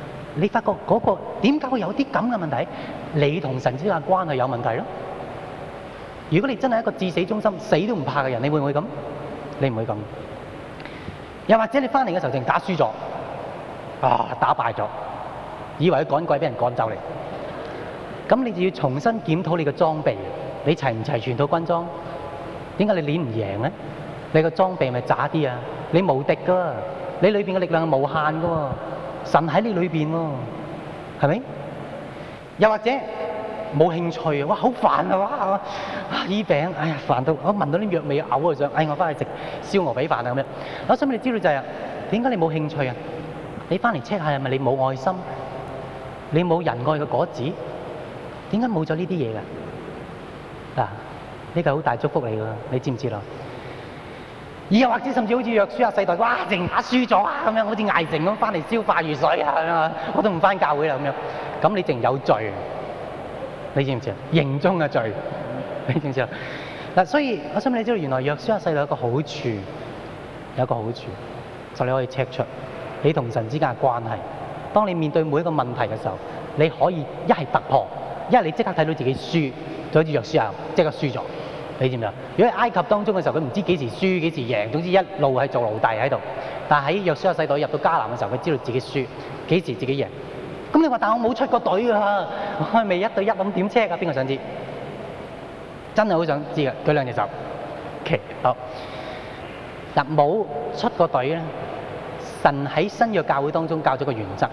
A: 你發覺嗰個點解會有啲咁嘅問題？你同神之間的關係有問題咯。如果你真係一個至死忠心、死都唔怕嘅人，你會唔會咁？你唔會咁。又或者你翻嚟嘅時候，淨打輸咗，啊打敗咗，以為佢趕鬼俾人趕走你。咁你就要重新檢討你嘅裝備，你齊唔齊全套軍裝？點解你攣唔贏咧？你個裝備咪渣啲啊？你無敵噶，你裏邊嘅力量係無限噶。神喺你裏面喎，係咪？又或者冇興趣啊？哇，好煩啊！哇，呢啲病，哎呀，煩到我聞到啲藥味嘔啊想，哎我返去食燒鵝髀飯啊咁樣。我想俾你知道就係，點解你冇興趣啊？你返嚟 check 下係咪你冇愛心？你冇仁愛嘅果子？點解冇咗呢啲嘢㗎？嗱，呢個好大祝福嚟㗎，你知唔知啦？以又或者甚至好似約書亞世代，哇，淨打輸咗啊咁樣，好似挨靜咁返嚟消化如水啊咁我都唔返教會啦咁樣。咁你淨有罪，你知唔知啊？認中嘅罪，你知唔知啊？嗱，所以我想你知道，原來約書亞世代有個好處，有一個好處就係你可以 check 出你同神之間嘅關係。當你面對每一個問題嘅時候，你可以一係突破，一係你即刻睇到自己輸，就好似約書亞，即刻輸咗。你知唔知啊？如果喺埃及當中嘅時候，佢唔知幾時輸幾時贏，總之一路係做奴隸喺度。但喺約書亞世代入到迦南嘅時候，佢知道自己輸幾時自己贏。咁你話，但我冇出過隊㗎？我係咪一對一咁點車㗎？邊個、啊、想知？真係好想知㗎！舉兩隻手，奇、okay, 嗱，冇出過隊咧，神喺新約教會當中教咗個原則。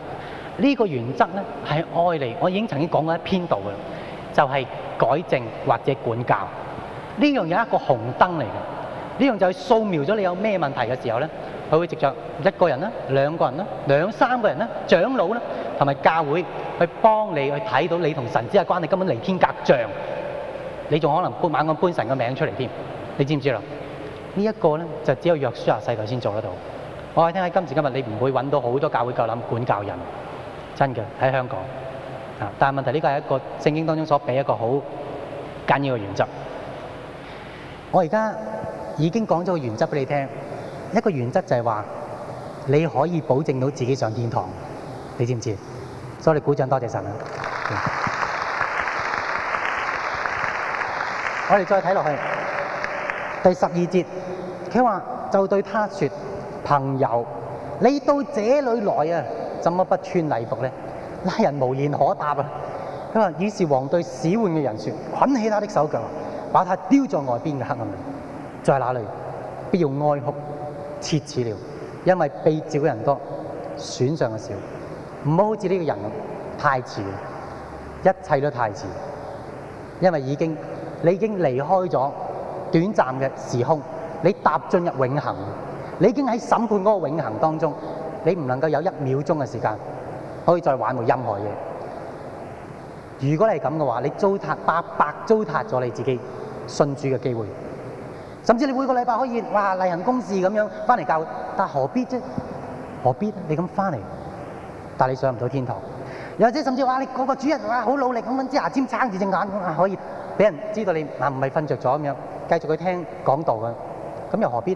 A: 呢、這個原則咧係愛嚟，我已經曾經講過一篇道嘅，就係、是、改正或者管教。呢樣嘢係一個紅燈嚟嘅，呢樣就係掃描咗你有咩問題嘅時候咧，佢會藉著一個人啦、兩個人啦、兩三個人啦、長老啦同埋教會去幫你去睇到你同神之間嘅關係根本離天隔障，你仲可能搬猛咁搬神嘅名出嚟添，你知唔知啦？呢一個咧就只有約書亞世代先做得到。我係聽喺今時今日你唔會揾到好多教會夠膽管教人，真嘅喺香港啊！但係問題呢個係一個聖經當中所俾一個好緊要嘅原則。我而家已經講咗個原則俾你聽，一個原則就係話你可以保證到自己上天堂，你知唔知？所以我哋鼓掌多謝神。我哋再睇落去，第十二節，佢話就對他說：朋友，你到這裏來啊，怎麼不穿禮服呢？那人無言可答啊！佢話：於是王對使喚嘅人說：捆起他的手腳。把他丟在外邊的黑暗再裏，在那裏？必要哀哭、切齒了，因為被召嘅人多，選上的少。唔好好似呢個人太遲，一切都太遲。因為已經，你已經離開咗短暫的時空，你踏進入永恆，你已經喺審判嗰個永恆當中，你唔能夠有一秒鐘的時間，可以再挽回任何嘢。如果你係咁嘅話，你糟蹋白白糟蹋咗你自己。信主嘅機會，甚至你每個禮拜可以哇例行公事咁樣翻嚟教，但何必啫？何必你咁翻嚟？但你上唔到天堂。又或者甚至話你個個主人哇好努力咁揾枝牙籤撐住隻眼，可以俾人知道你啊唔係瞓著咗咁樣，繼續去聽講道嘅，咁又何必？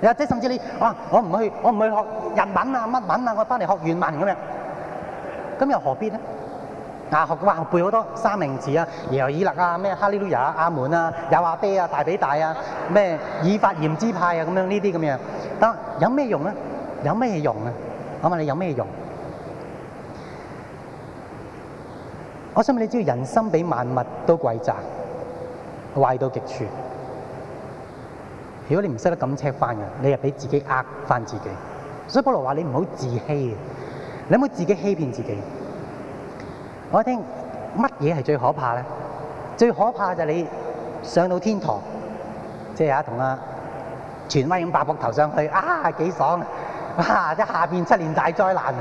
A: 又或者甚至你啊我唔去我唔去學日文啊乜文啊，我翻嚟學原文咁樣，咁又何必咧？啊，學嘅話，背好多三明治啊，耶和華以勒啊，咩哈利路亞、啊、阿門啊，有亞啡啊，大比大啊，咩以法嚴之派啊，咁樣呢啲咁樣。得有咩用呢？有咩用啊？我問你有咩用？我想問你知道人心比萬物都詭詐，壞到極處。如果你唔識得咁吃飯嘅，你又俾自己呃翻自己。所以保羅話：你唔好自欺，你唔好自，你有冇自己欺騙自己？我一聽乜嘢係最可怕咧？最可怕就係你上到天堂，即係啊同阿荃威咁白膊頭上去啊幾爽啊！哇！即係下邊七年大災難啊！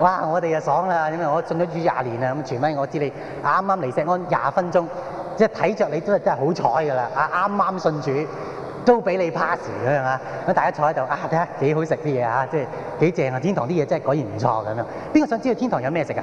A: 哇！我哋就爽啦！因為，我信咗主廿年啊！咁荃威，我知你啱啱嚟錫安廿分鐘，即係睇着你都係真係好彩㗎啦！啊啱啱信主都俾你 pass 咁樣啊！咁大家坐喺度啊，睇下幾好食啲嘢啊，即係幾正啊！天堂啲嘢真係果然唔錯咁樣。邊個想知道天堂有咩食啊？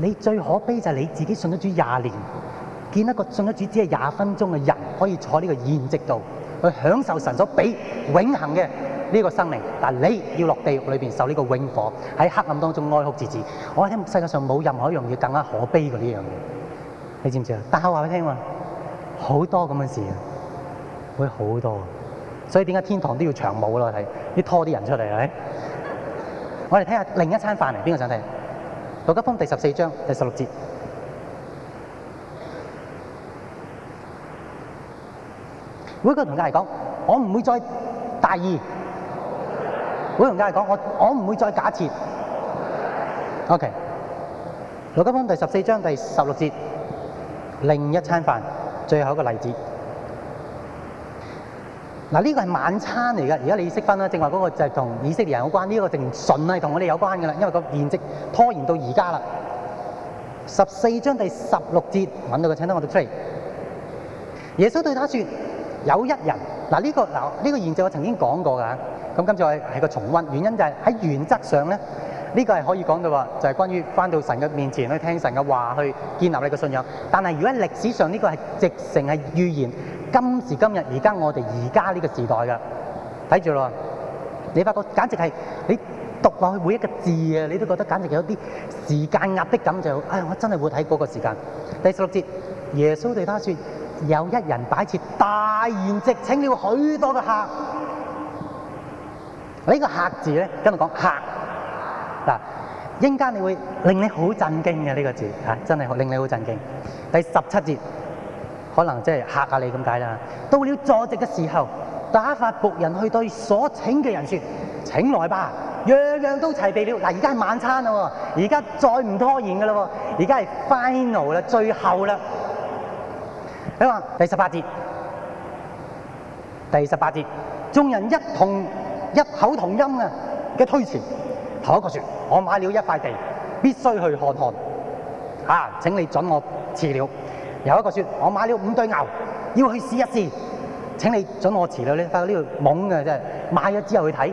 A: 你最可悲就係你自己信咗主廿年，見一個信咗主只係廿分鐘嘅人可以坐呢個宴席度，去享受神所俾永恆嘅呢個生命。但你要落地獄裏邊受呢個永火，喺黑暗當中哀哭自憐。我聽世界上冇任何一樣嘢更加可悲過呢樣嘢。你知唔知啊？但係話俾你聽喎，好多咁嘅事，會好多。所以點解天堂都要長武嘅咧？你要拖啲人出嚟係？我哋睇下另一餐飯嚟，邊個想睇？路加福音第十四章第十六節，每個人同大家講，我唔會再大意；每個人同大家講，我我唔會再假設。OK，路加福音第十四章第十六節，另一餐飯最後一個例子。嗱，呢個係晚餐嚟嘅，而家你要識分啦。正話嗰個就係同以色列人有關，呢、這、一個淨純係同我哋有關嘅啦。因為嗰個延續拖延到而家啦。十四章第十六節，揾到個請單我讀出嚟。耶穌對他説：有一人，嗱、這、呢個嗱呢、這個延續我曾經講過㗎。咁今次我係個重溫，原因就係喺原則上咧。呢個係可以講到話，就係關於返到神嘅面前去聽神嘅話，去建立你嘅信仰。但係如果喺歷史上呢個係直情係預言，今時今日而家我哋而家呢個時代嘅，睇住咯。你發覺簡直係你讀落去每一個字啊，你都覺得簡直有一啲時間壓迫感就，唉，我真係會睇嗰個時間。第十六節，耶穌對他説：有一人擺設大宴席，請了許多嘅客。呢個客字咧，跟住講客。嗱，英家，你會令你好震驚嘅呢個字，嚇！真係令你好震驚。第十七節，可能即係嚇下你咁解啦。到了坐席嘅時候，打發僕人去對所請嘅人説：請來吧，樣樣都齊備了。嗱，而家係晚餐啦，而家再唔拖延嘅啦，而家係 final 啦，最後啦。你話第十八節，第十八節，眾人一同一口同音啊嘅推辭。頭一個說：我買了一塊地，必須去看看，啊，請你准我辭了。有一個說：我買了五對牛，要去試一試，請你准我辭了。你發覺呢度懵的真是買了之後去看，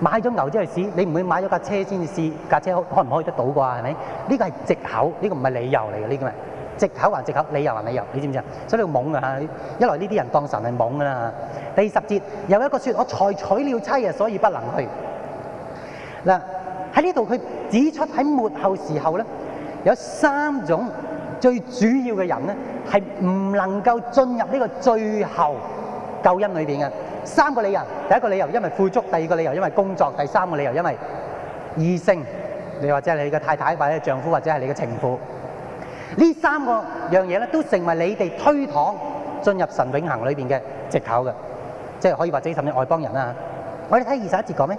A: 買了牛之後試，你唔會買了架車先試，架車可唔可以得到啩？係咪？呢個係借口，呢個唔係理由嚟嘅呢啲咪？借口還借口，理由還理由，你知唔知道？所以你要懵嘅，一來這些人當神是懵的。第十節又有一個說：我才娶了妻啊，所以不能去。嗱，喺呢度佢指出喺末後時候咧，有三種最主要嘅人咧，係唔能夠進入呢個最後救恩裏邊嘅三個理由。第一個理由因為富足，第二個理由因為工作，第三個理由因為異性。你或者係你嘅太太，或者係丈夫，或者係你嘅情婦，呢三個樣嘢咧都成為你哋推搪進入神永恆裏邊嘅藉口嘅，即係可以話者甚至外邦人啊。我哋睇二十一節講咩？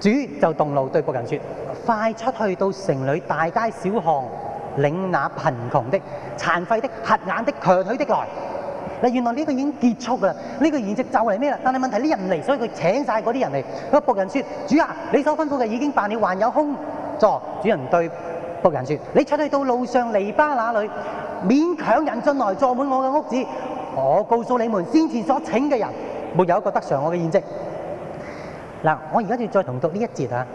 A: 主就動怒，對僕人說：快出去到城裏大街小巷，領那貧窮的、殘廢的、瞎眼的、瘸腿的來。原來呢個已經結束了呢，呢個宴席就係咩啦，但係問題呢，人唔嚟，所以佢請晒嗰啲人嚟。個僕人說：主啊，你所吩咐嘅已經辦了，還有空座。主人對僕人說：你出去到路上泥巴那裏，勉強人進來坐滿我嘅屋子。我告訴你們，先前所請嘅人，沒有一個得嘗我嘅宴席。嗱，我而家要再重讀呢一節啊。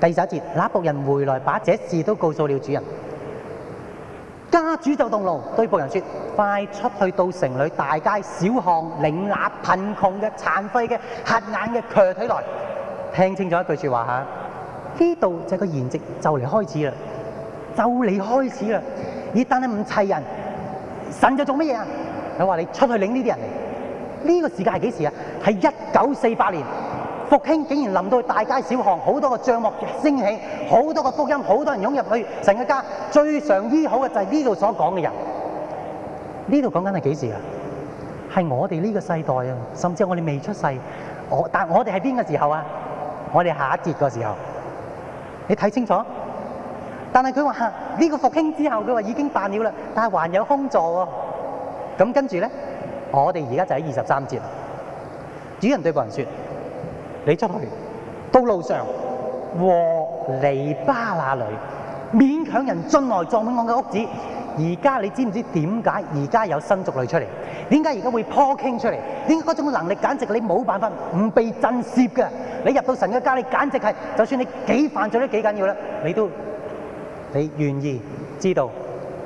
A: 第二十一節，那僕人回來，把這事都告訴了主人。家主就動怒，對僕人說：快出去到城裏大街小巷，領那貧窮嘅殘廢嘅、瞎眼嘅、瘸腿來。聽清楚一句説話，啊，這裏呢度就係個筵席就嚟開始啦，就嚟開始啦！你帶得咁齊人，神就做乜嘢啊？佢話你出去領呢啲人嚟。呢個時間係幾時啊？係一九四八年復興，竟然臨到大街小巷，好多個帳幕升起，好多個福音，好多人湧入去神嘅家。最常醫好嘅就係呢度所講嘅人。呢度講緊係幾時啊？係我哋呢個世代啊，甚至我哋未出世。我但係我哋係邊個時候啊？我哋下一節個時候，你睇清楚。但係佢話呢個復興之後，佢話已經辦了啦，但係還有空座啊。咁跟住咧？我哋而家就喺二十三節，主人對僕人説：你出去到路上和籬笆那裏，勉強人進來坐滿我嘅屋子。而家你知唔知點解而家有新族類出嚟？點解而家會破傾出嚟？點解嗰種能力，簡直你冇辦法唔被震懾嘅。你入到神嘅家裏，簡直係，就算你幾犯罪都幾緊要啦。你都你願意知道？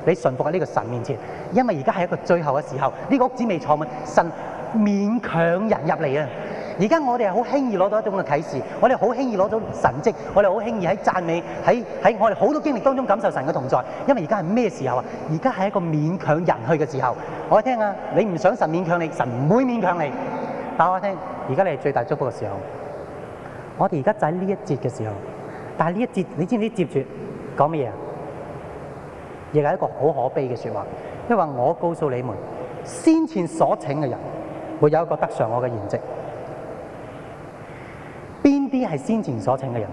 A: 你順服喺呢個神面前，因為而家係一個最後嘅時候，呢、呢個屋子未坐滿，神勉強人入嚟啊！而家我哋係好輕易攞到一種嘅啟示，我哋好輕易攞到神蹟，我哋好輕易喺讚美，喺喺我哋好多經歷當中感受神嘅同在。因為而家係咩時候啊？而家係一個勉強人去嘅時候。我聽啊，你唔想神勉強你，神唔會勉強你。但我聽，而家你係最大祝福嘅時候。我哋而家就喺呢一節嘅時候，但係呢一節，你知唔知接住講咩嘢啊？亦係一個好可悲嘅說話，因為我告訴你們，先前所請嘅人會有一個得嘗我嘅筵席。邊啲係先前所請嘅人？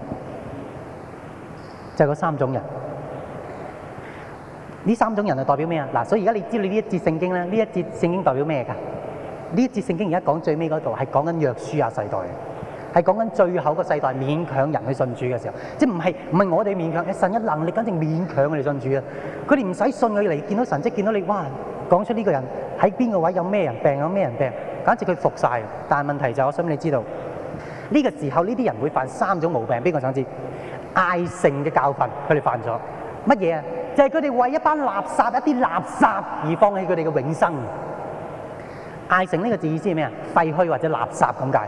A: 就係、是、嗰三種人。呢三種人係代表咩啊？嗱，所以而家你知道呢一節聖經咧，呢一節聖經代表咩噶？呢一節聖經而家講最尾嗰度係講緊約書亞世代。係講緊最後個世代勉強人去信主嘅時候，即係唔係唔係我哋勉強，係神嘅能力，簡直勉強佢哋信主啊！佢哋唔使信佢嚟，見到神跡，見到你，哇，講出呢個人喺邊個位，有咩人病，有咩人病，簡直佢服晒。但係問題就係、係，我想俾你知道呢、呢個時候呢啲人會犯三種毛病，邊個想知？艾城嘅教訓，佢哋犯咗乜嘢啊？就係佢哋為一班垃圾、一啲垃圾而放棄佢哋嘅永生。艾城呢個字意思係咩啊？廢墟或者垃圾咁解。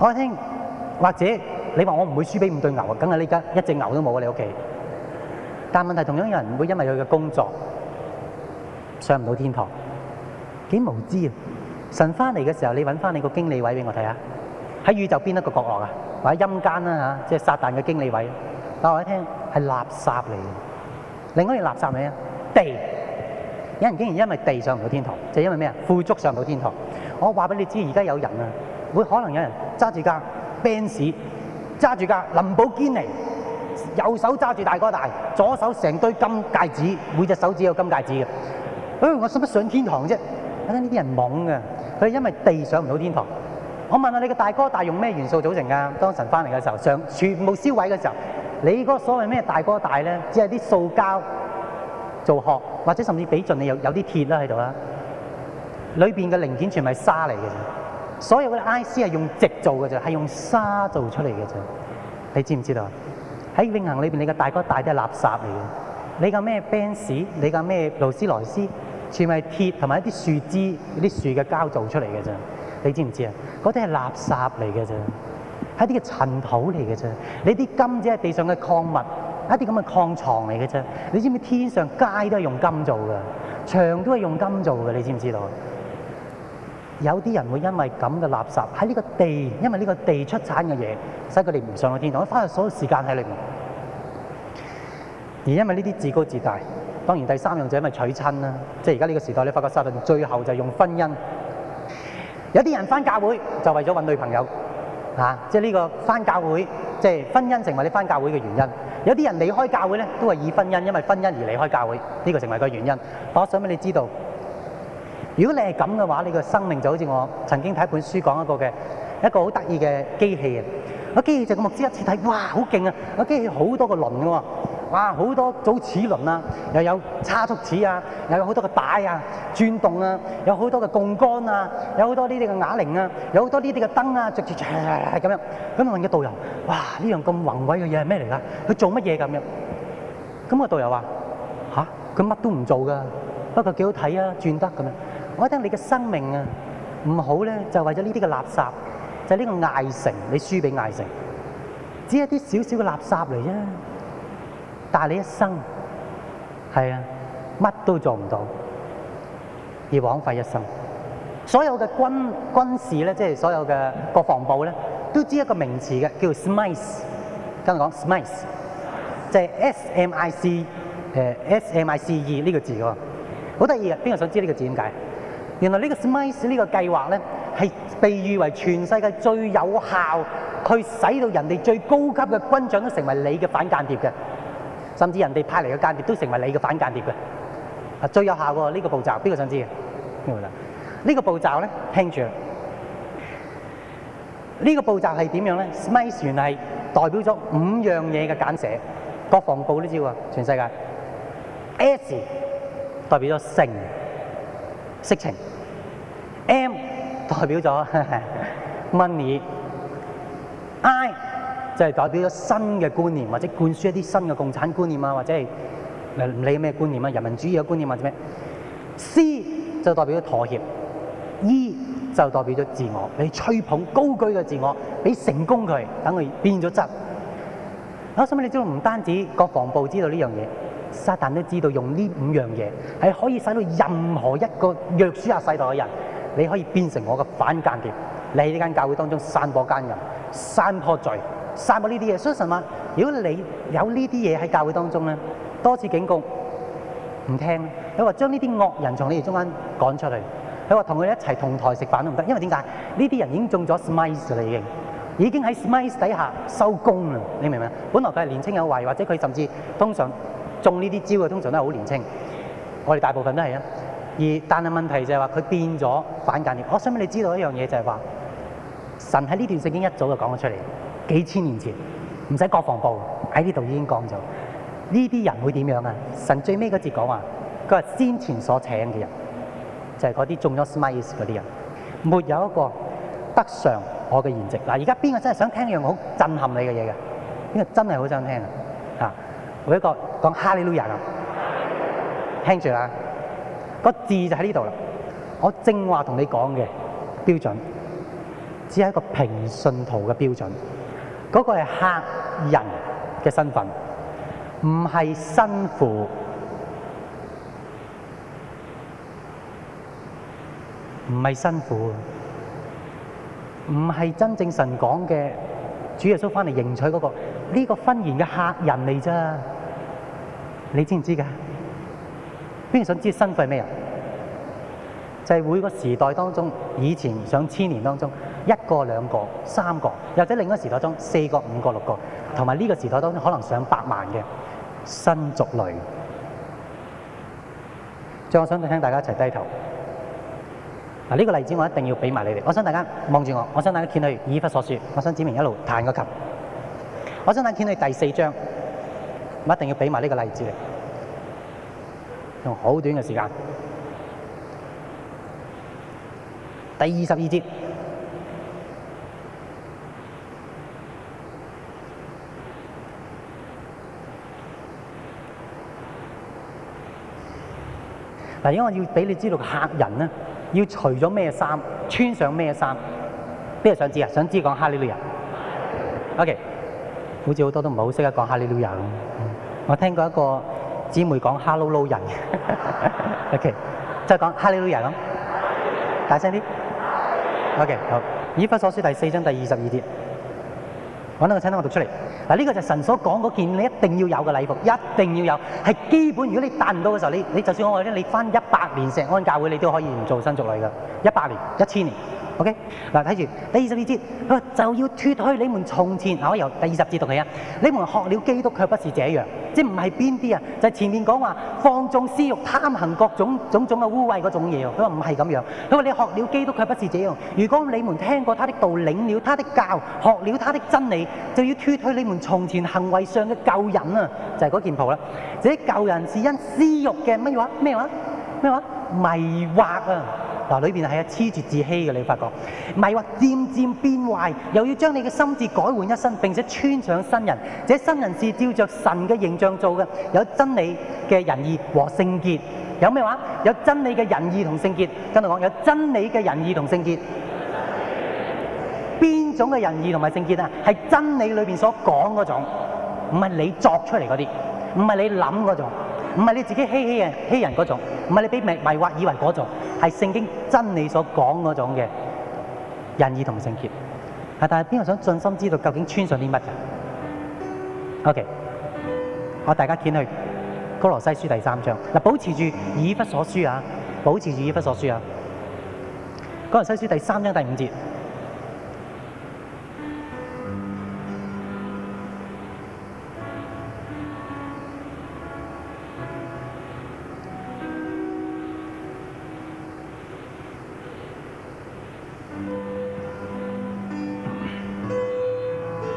A: 我聽，或者你話我唔會輸俾五對牛，梗係呢家一隻牛都冇啊！你屋企，但問題同樣有人唔會因為佢嘅工作上唔到天堂，幾無知啊！神翻嚟嘅時候，你搵翻你個經理位俾我睇下，喺宇宙邊一個角落啊，或者陰間啊，嚇、啊，即係撒旦嘅經理位。但我話你聽，係垃圾嚟。另一樣垃圾係啊，地，有人竟然因為地上唔到天堂，就係、因為咩啊？富足上唔到天堂。我話俾你知，而家有人啊。會可能有人揸住架 Benz，揸住架林寶堅尼，右手揸住大哥大，左手成堆金戒指，每隻手指有金戒指嘅。唉、哎，我使乜上天堂啫？睇睇呢啲人懵嘅，佢係因為地上唔到天堂。我問下你嘅大哥大用咩元素組成㗎？當神翻嚟嘅時候，上全部燒毀嘅時候，你嗰個所謂咩大哥大咧，只係啲塑膠做殼，或者甚至俾盡你有有啲鐵啦喺度啦，裏邊嘅零件全係沙嚟嘅。所有嗰啲 IC 係用矽做嘅啫，係用沙做出嚟嘅啫。你知唔知道？喺永恒裏邊，你嘅大哥大都係垃圾嚟嘅。你嘅咩 Benz，你嘅咩勞斯萊斯，全部係鐵同埋一啲樹枝、啲樹嘅膠做出嚟嘅啫。你知唔知啊？嗰啲係垃圾嚟嘅啫，係啲嘅塵土嚟嘅啫。你啲金只係地上嘅礦物，一啲咁嘅礦床嚟嘅啫。你知唔知天上街都係用金做嘅，牆都係用金做嘅？你知唔知道？有啲人會因為咁嘅垃圾喺呢個地，因為呢個地出產嘅嘢，使佢哋唔上到天堂。我花咗所有時間喺裡面，而因為呢啲自高自大，當然第三樣就係因為娶親啦。即係而家呢個時代，你發覺撒但最後就係用婚姻。有啲人翻教會就為咗搵女朋友，啊！即係呢個翻教會，即係婚姻成為你翻教會嘅原因。有啲人離開教會咧，都係以婚姻因為婚姻而離開教會，呢個成為個原因。我想俾你知道。如果你係咁嘅話，你個生命就好似我曾經睇一本書講一個嘅一個好得意嘅機器啊！個機器就個目枝一次睇，哇，好勁啊！個機器好多個輪嘅喎，哇，好多組齒輪啊，又有差速齒啊，又有好多個帶啊，轉動啊，有好多嘅槓桿啊，有好多呢啲嘅啞鈴啊，有好多呢啲嘅燈啊，著住咁樣。咁問個導遊：哇，呢樣咁宏偉嘅嘢係咩嚟㗎？佢做乜嘢咁樣？咁個導遊話：嚇、啊，佢乜都唔做㗎，不過幾好睇啊，轉得咁樣。我聽你嘅生命啊，唔好咧，就為咗呢啲嘅垃圾，就呢個艾城，你輸俾艾城，只係啲少少嘅垃圾嚟啫。但係你一生係啊，乜都做唔到，而枉費一生。所有嘅軍軍事咧，即係所有嘅國防部咧，都知一個名詞嘅，叫 smice。跟住講 smice，即係 s m i c，誒 s m i c e 呢個字喎，好得意啊！邊個想知呢個字點解？原來這個 Smash 這個計劃呢個 Smash 呢個計劃咧，係被譽為全世界最有效，去使到人哋最高級嘅軍長都成為你嘅反間諜嘅，甚至人哋派嚟嘅間諜都成為你嘅反間諜嘅。啊，最有效喎呢個步驟，邊個想知嘅？邊個啦？呢個步驟咧，聽住。呢、這個步驟係點樣咧？Smash 原嚟係代表咗五樣嘢嘅簡寫，國防部都知喎，全世界。S 代表咗性，色情。M 代表咗 money，I 就係代表咗新嘅觀念或者灌輸一啲新嘅共產觀念啊，或者係你咩觀念啊，人民主義嘅觀念或者咩？C 就代表咗妥協，E 就代表咗自我，你吹捧高居嘅自我，你成功佢，等佢變咗質。啊，所以你知道唔單止國防部知道呢樣嘢，撒旦都知道用呢五樣嘢，係可以使到任何一個約書亞世代嘅人。你可以變成我個反間諜，喺呢間教會當中散播奸淫、散播罪、散播呢啲嘢。所以神啊，如果你有呢啲嘢喺教會當中咧，多次警告唔聽，佢話將呢啲惡人從你哋中間趕出去，佢話同佢哋一齊同台食飯都唔得，因為點解？呢啲人已經中咗 Smile 嚟嘅，已經已經喺 Smile 底下收工啦。你明唔明？本來佢係年青有為，或者佢甚至通常中呢啲招嘅，通常都係好年青。我哋大部分都係啊。而但係問題就係話佢變咗反間諜。我想俾你知道一樣嘢就係、是、話，神喺呢段聖經一早就講咗出嚟，幾千年前，唔使國防部喺呢度已經講咗。呢啲人會點樣啊？神最尾嗰節講話，佢話先前所請嘅人，就係嗰啲中咗 s m i l e 嗰啲人，沒有一個得嘗我嘅筵席。嗱，而家邊個真係想聽一樣好震撼你嘅嘢嘅？邊個真係好想聽啊？啊，每一個講哈利路亞，聽住啦。嗰個字就喺呢度啦！我正話同你講嘅標準，只係一個平信徒嘅標準。嗰個係客人嘅身份，唔係辛苦，唔係辛苦，唔係真正神講嘅主耶穌返嚟迎娶嗰個，呢個婚宴嘅客人嚟咋？你知唔知道？邊想知新訓係咩人？就係、係、每個時代當中，以前上千年當中，一個兩個三個，又或者另一個時代當中四個五個六個，同埋呢個時代當中可能上百萬嘅新族類。再我想再聽大家一齊低頭。啊、這呢個例子我一定要俾埋你哋。我想大家望住我，我想大家見到以弗所書，我想指明一路彈個琴，我想大家見到第四章，我一定要俾埋呢個例子用好短嘅時間。第二十二節嗱，因為我要畀你知道客人咧要除咗咩衫，穿上咩衫。邊個想知啊？想知講哈利路亞。O K，好似好多都唔係好識得講哈利路亞。我聽過一個。姊妹講哈嘍嘍人，OK，即係講哈哩哩人咁，大聲啲，OK，好，以弗所書第四章第二十二節，揾到個餐單我讀出嚟，嗱呢個就神所講嗰件你一定要有嘅禮服，一定要有，係基本，如果你達唔到嘅時候，你你就算我話咧，你返一百年錫安教會，你都可以唔做新族類嘅，一百年，一千年。OK，嗱睇住第二十二節，佢話就要脫去你們從前，我由第二十節讀起啊。你們學了基督卻不是這樣，即係唔係邊啲啊？就是、前面講話放縱私欲、貪行各種種種嘅污穢嗰種嘢喎。佢話唔係咁樣，佢話你學了基督卻不是這樣。如果你們聽過他的道、領了他的教、學了他的真理，就要脫去你們從前行為上嘅舊人啊，就係、是、嗰件袍啦。這啲舊人是因私欲嘅乜嘢話？咩話？咩話？迷惑啊！嗱，裏邊係啊黐住自欺嘅，你發覺，唔係話漸漸變壞，又要將你嘅心智改換一身，並且穿上新人。這新人是照着神嘅形象做嘅，有真理嘅仁義和聖潔。有咩話？有真理嘅仁義同聖潔。跟住講，有真理嘅仁義同聖潔。邊種嘅仁義同埋聖潔啊？係真理裏邊所講嗰種，唔係你作出嚟嗰啲，唔係你諗嗰種。唔係你自己欺欺人，欺人那種嗰種，唔係你被迷惑以為嗰種，係聖經真理所講嗰種嘅仁義同聖潔。但係邊個想盡心知道究竟穿上啲乜嘢？OK，我哋大家攣去哥羅西書第三章。保持住以弗所書啊，保持住以弗所書啊。哥羅西書第三章第五節。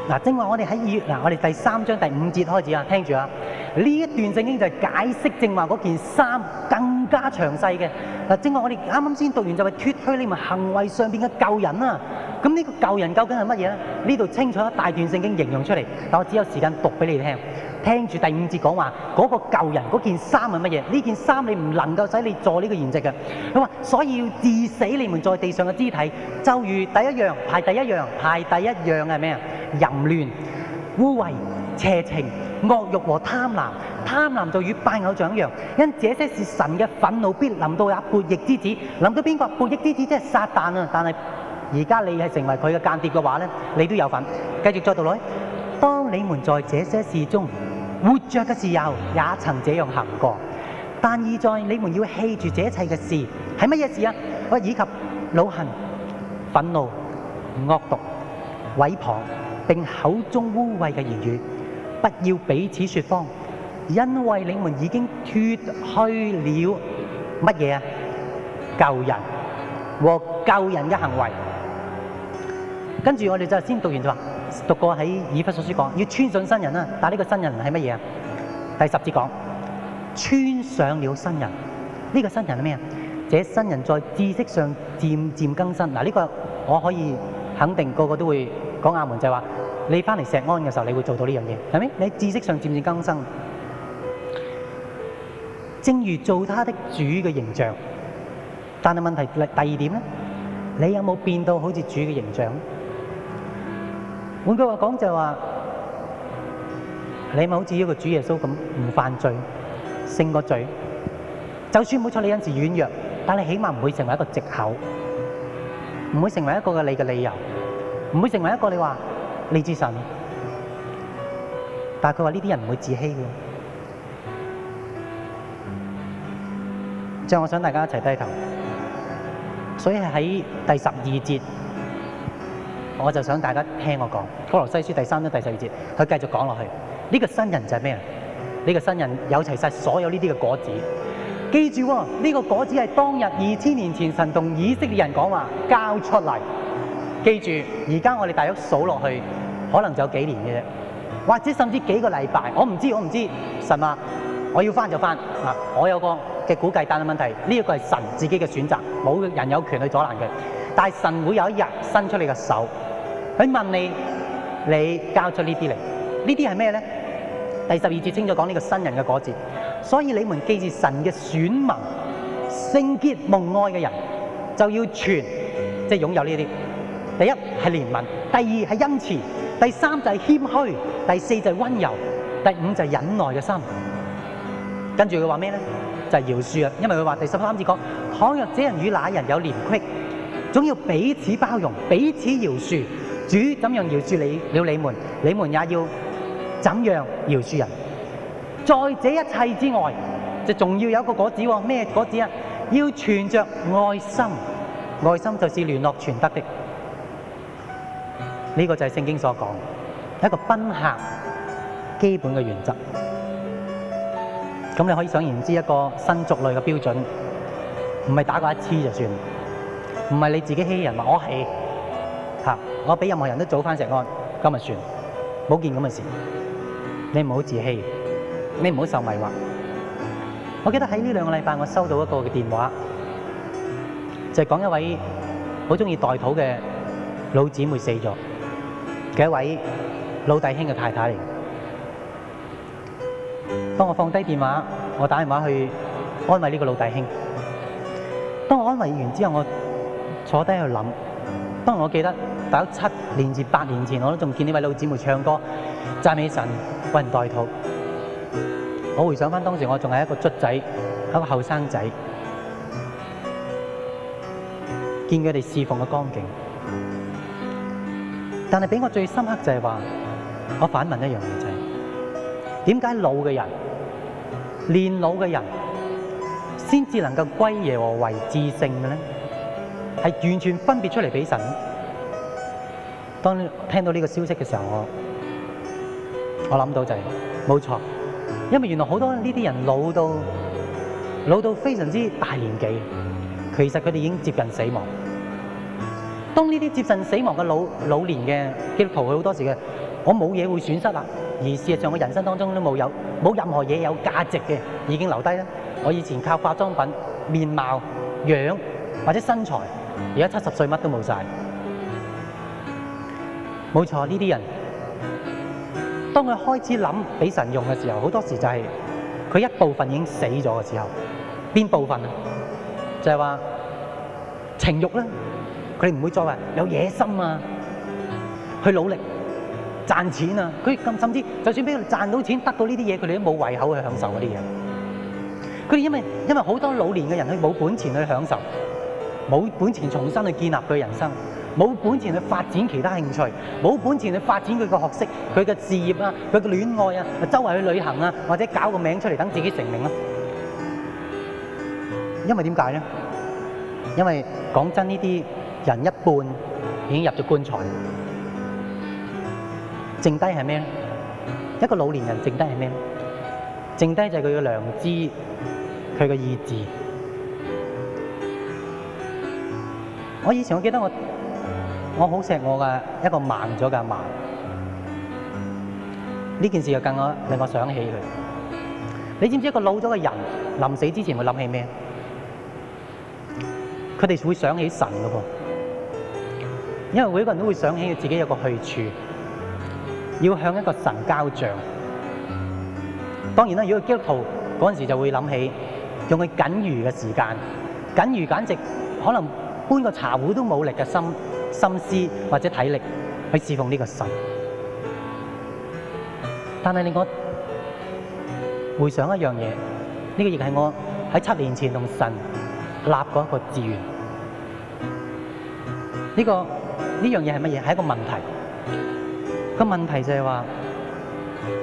A: 嗱，正話我哋喺二月，嗱我哋第三章第五節開始啊，聽住啊，呢一段聖經就係解釋正話嗰件衫更加詳細嘅。嗱，正話我哋啱啱先讀完就係脫去你行為上邊嘅舊人啊。咁、這、呢個舊人究竟係乜嘢呢？呢度清楚一大段聖經形容出嚟，但我只有時間讀俾你聽聽。聽住第五節講話，嗰、那個舊人嗰件衫係乜嘢？呢件衫你唔能夠使你坐呢個筵席嘅。咁話，所以要治死你們在地上嘅肢體。就如第一樣，排第一樣，排第一樣係咩啊？淫亂、污穢、邪情、惡欲和貪婪。貪婪就與拜偶像一樣。因這些是神嘅憤怒必，必臨到也悖逆之子。臨到邊個？悖逆之子即係撒旦啊！但而家你係成為佢嘅間諜嘅話咧，你都有份。繼續再讀落去。當你們在這些事中活著嘅時候，也曾這樣行過。但現在你們要棄住這一切嘅事，係乜嘢事啊？喂，以及老恨、憤怒、惡毒、毀謗，並口中污穢嘅言語，不要彼此説謊，因為你們已經脫去了乜嘢啊？舊人和舊人嘅行為。跟住我哋就先讀完就話，讀過喺以弗所書講要穿上新人啊，但係呢個新人係乜嘢啊？第十節講穿上了新人，呢、這個新人係咩啊？這新人在知識上漸漸更新。嗱，呢個我可以肯定個個都會講阿門，就係、是、話你翻嚟石安嘅時候，你會做到呢樣嘢係咪？你喺知識上漸漸更新，正如做他的主嘅形象。但係問題第二點咧，你有冇變到好似主嘅形象？換句話講，就係話你咪好似一個主耶穌咁，唔犯罪，勝過罪。就算冇錯你恩慈軟弱，但你起碼唔會成為一個藉口，唔會成為一個你嘅理由，唔會成為一個你話你至神。但係佢話呢啲人唔會自欺嘅，即係我想大家一齊低頭。所以係喺第十二節。我就想大家聽我講《歌羅西書》第三章第四節，佢繼續講落去。呢、這個新人就係咩？呢、這個新人有齊晒所有呢啲嘅果子。記住、哦，呢、這個果子係當日二千年前神同以色列人講話交出嚟。記住，而家我哋大約數落去，可能就有幾年嘅啫，或者甚至幾個禮拜。我唔知，我唔知神啊！我要翻就翻啊！我有個嘅估計，但係問題呢一、這個係神自己嘅選擇，冇人有權去阻攔佢。但係神會有一日伸出你嘅手。佢問你，你交出呢啲嚟？呢啲係咩呢？」第十二節清楚講呢個新人嘅果子，所以你們既是，神嘅選民，聖潔蒙愛嘅人，就要全即擁、就是、有呢啲。第一係憐憫，第二係恩慈，第三就係、是、謙虛，第四就係、是、温柔，第五就係、是、忍耐嘅心。跟住佢話咩呢？就係、是、饒恕啊！因為佢話第十三節講：倘若這人與那人有連虧，總要彼此包容，彼此饒恕。主怎樣饒恕你了你們，你們也要怎樣饒恕人。在這一切之外，就仲要有一個果子喎、哦，咩果子啊？要存着愛心，愛心就是聯絡全德的。呢、這個就係聖經所講一個賓客基本嘅原則。咁你可以想而知一個新族類嘅標準，唔係打過一次就算了，唔係你自己欺，欺人話我欺。我比任何人都早翻石安，今日算冇見咁嘅事。你唔好自欺，你唔好受迷惑。我記得喺呢兩個禮拜，我收到一個電話，就係講一位好中意代禱嘅老姊妹死咗嘅一位老弟兄嘅太太嚟。當我放低電話，我打電話去安慰呢個老弟兄。當我安慰完之後，我坐低去諗。當我記得。喺七年前、八年前，我都仲見呢位老姊妹唱歌，讚美神，為人代禱。我回想翻當時，我仲係一個卒仔，一個後生仔，見佢哋侍奉嘅光景。但係俾我最深刻就係話，我反問一樣嘢就係：點解老嘅人、年老嘅人，先至能夠歸耶和華為志性嘅咧？係完全分別出嚟俾神。當聽到呢個消息嘅時候，我我諗到就係冇錯，因為原來好多呢啲人老到老到非常之大年紀，其實佢哋已經接近死亡。當呢啲接近死亡嘅老老年嘅基督徒，佢好多時嘅，我冇嘢會損失啦，而事實上我人生當中都冇有冇任何嘢有價值嘅已經留低啦。我以前靠化妝品、面貌、樣或者身材，而家七十歲乜都冇晒。冇錯，呢啲人當佢開始諗俾神用嘅時候，好多時就係佢一部分已經死咗嘅時候，邊部分啊？就係話情慾啦，佢哋唔會再話有野心啊，去努力賺錢啊，佢咁甚至就算俾佢賺到錢，得到呢啲嘢，佢哋都冇胃口去享受嗰啲嘢。佢哋因為因為好多老年嘅人，佢冇本錢去享受，冇本錢重新去建立佢人生。冇本錢去發展其他興趣，冇本錢去發展佢個學識、佢嘅事業啊、佢嘅戀愛啊、周圍去旅行啊，或者搞個名出嚟等自己成名咯。因為點解咧？因為講真呢啲人一半已經入咗棺材，剩低係咩咧？一個老年人剩低係咩咧？剩低就係佢嘅良知、佢嘅意志。我以前我記得我。我好錫我嘅一個盲咗嘅盲，呢件事又更加令我想起佢。你知唔知一個老咗嘅人臨死之前會諗起咩？佢哋會想起神嘅噃，因為每個人都會想起自己有個去處，要向一個神交賬。當然啦，如果基督徒嗰陣時就會諗起，用佢僅餘嘅時間，僅餘簡直可能搬個茶壺都冇力嘅心。心思或者體力去侍奉呢個神，但係令我回想一樣嘢，呢、這個亦係我喺七年前同神立過一個志願，這個，呢、這個呢樣嘢係乜嘢？係一個問題。個問題就係話，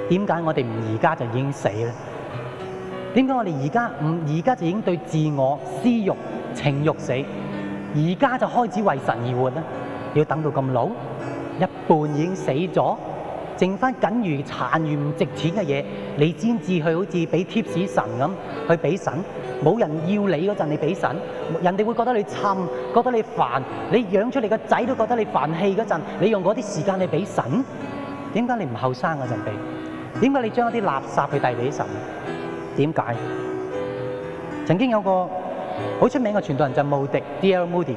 A: 點解我哋唔而家就已經死咧？點解我哋而家唔而家就已經對自我、私欲、情欲死，而家就開始為神而活咧？要等到咁老，一半已經死咗，剩翻僅餘殘餘唔值錢嘅嘢，你先至去好似俾貼士神咁去俾神。冇人要你嗰陣，你俾神，人哋會覺得你冚，覺得你煩。你養出嚟個仔都覺得你煩氣嗰陣，你用嗰啲時間你俾神？點解你唔後生嗰陣俾？點解你將一啲垃圾去遞俾神？點解？曾經有個好出名嘅傳道人就係慕迪，D.L. Moody。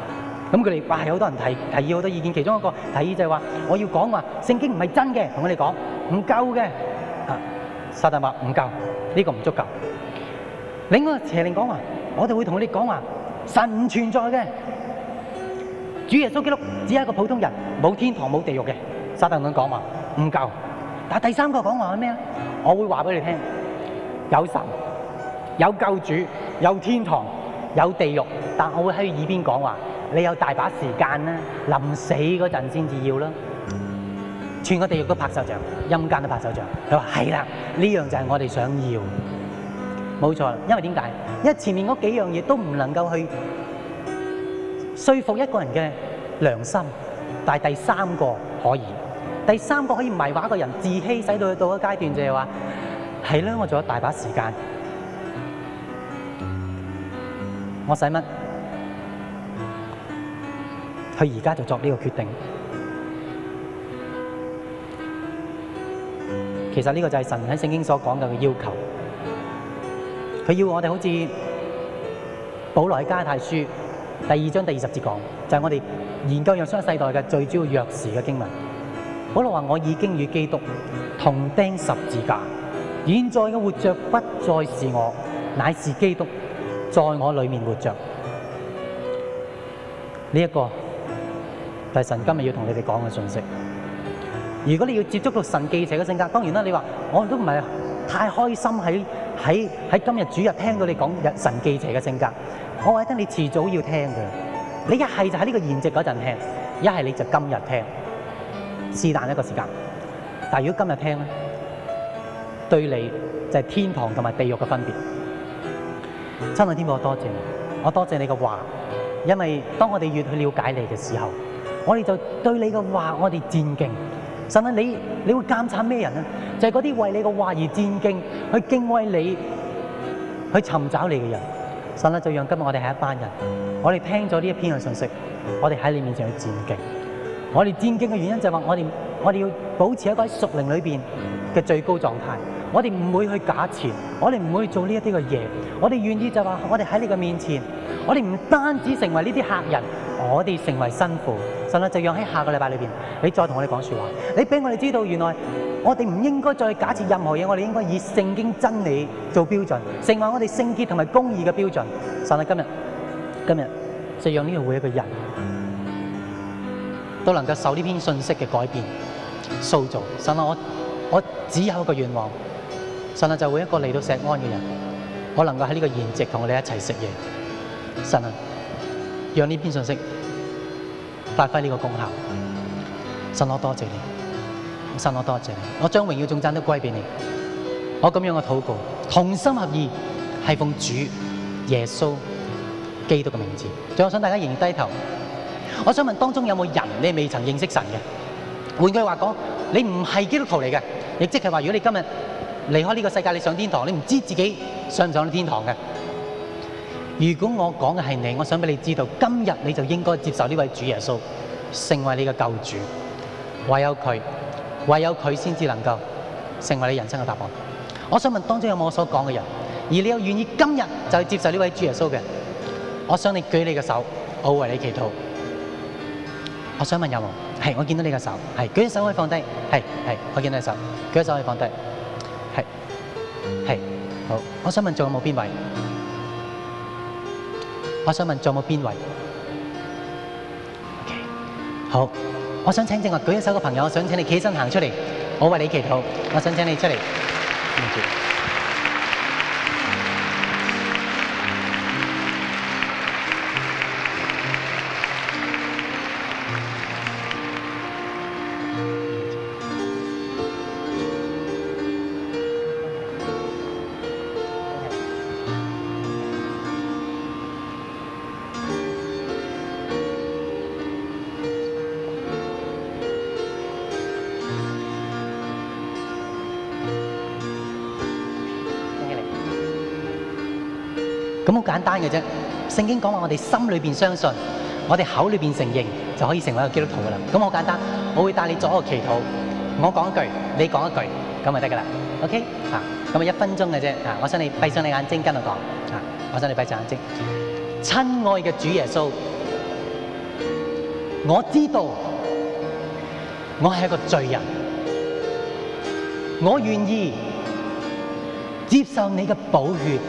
A: 咁佢哋話係好多人提提議好多意見，其中一個提議就係、是、話：我要講話聖經唔係真嘅，同我哋講唔夠嘅。啊，撒但話唔夠，呢、這個唔足夠。另外邪靈講話，我哋會同你哋講話神唔存在嘅，主耶穌基督只係一個普通人，冇天堂冇地獄嘅。撒但都講話唔夠。但第三個講話係咩？我會話俾你聽，有神，有救主，有天堂，有地獄，但我會喺耳邊講話。你有大把時間啦，臨死嗰陣先至要咯。全個地獄都拍手掌，陰間都拍手掌。佢話：係啦，呢樣就係我哋想要。冇錯，因為點解？因為前面嗰幾樣嘢都唔能夠去說服一個人嘅良心，但係第三個可以，第三個可以迷惑一個人自欺，使到去到個階段就係話：係啦，我仲有大把時間，我使乜？佢而家就作呢個決定。其實呢個就係神喺聖經所講嘅要求。佢要我哋好似保羅喺加泰書第二章第二十節講，就係我哋研究約書亞世代嘅最主要鑰匙嘅經文。保羅話：我已經與基督同釘十字架，現在嘅活着不再是我，乃是基督在我裏面活着。呢一個。但係神今日要同你哋講嘅信息。如果你要接觸到神忌邪嘅性格，當然啦，你話，我都唔係太開心喺喺喺今日主日聽到你講神忌邪嘅性格我。我話，聽你遲早要聽嘅。你一係就喺呢個現席嗰陣聽，一係你就今日聽，是但一個時間，但係如果今日聽咧，對你就係天堂同埋地獄嘅分別。親愛天父，我多謝你，我多謝你嘅話，因為當我哋越去了解你嘅時候，我哋就對你嘅話，我哋戰兢。神啊，你你會監察咩人啊？就係嗰啲為你嘅話而戰兢、去敬畏你、去尋找你嘅人。神啊，就讓今日我哋係一班人，我哋聽咗呢一篇嘅信息，我哋喺你面前去戰兢。我哋戰兢嘅原因就係話，我哋我哋要保持一個在屬靈裏邊嘅最高狀態。我哋唔會去假設，我哋唔會去做呢一啲嘅嘢。我哋願意就話，我哋喺你嘅面前，我哋唔單止成為呢啲客人，我哋成為新婦。神啊，就讓喺下個禮拜裏邊，你再同我哋講說話，你俾我哋知道原來我哋唔應該再假設任何嘢，我哋應該以聖經真理做標準，成為我哋聖潔同埋公義嘅標準。神啊，今日今日就讓呢個每一個人都能夠受呢篇信息嘅改變塑造。神啊，我我只有一個願望，神啊，就會一個嚟到石安嘅人，我能夠喺呢個現藉同我哋一齊食嘢。神啊，讓呢篇信息。發揮呢個功效，神，我多謝你，神，我多謝你，我將榮耀頌讚都歸俾你。我咁樣嘅禱告，同心合意係奉主耶穌基督嘅名字。最後想大家仍然低頭，我想問當中有冇人你未曾認識神嘅？換句話講，你唔係基督徒嚟嘅，亦即係話，如果你今日離開呢個世界，你上天堂，你唔知自己上唔上天堂嘅。如果我講嘅係你，我想俾你知道，今日你就應該接受呢位主耶穌，成為你嘅救主。唯有佢，唯有佢先至能夠成為你人生嘅答案。我想問當中有冇我所講嘅人？而你又願意今日就接受呢位主耶穌嘅？我想你舉你嘅手，我為你祈禱。我想問有冇？係，我見到你嘅手，係，舉手可以放低，係，係，我見到你手，舉手可以放低，係，係，好。我想問仲有冇邊位？我想問仲有冇邊位？Okay. 好，我想請正話舉起手嘅朋友，我想請你企起身行出嚟，我為你祈禱，我想請你出嚟。 好簡單嘅啫，聖經講話我哋心裏邊相信，我哋口裏邊承認，就可以成為一個基督徒嘅啦。咁好簡單，我會帶你做一個祈禱，我講一句，你講一句，咁咪得噶啦。OK，啊，咁啊一分鐘嘅啫，啊，我想你閉上你眼睛跟我講，啊，我想你閉上你眼睛，親愛嘅主耶穌，我知道我係一個罪人，我願意接受你嘅寶血。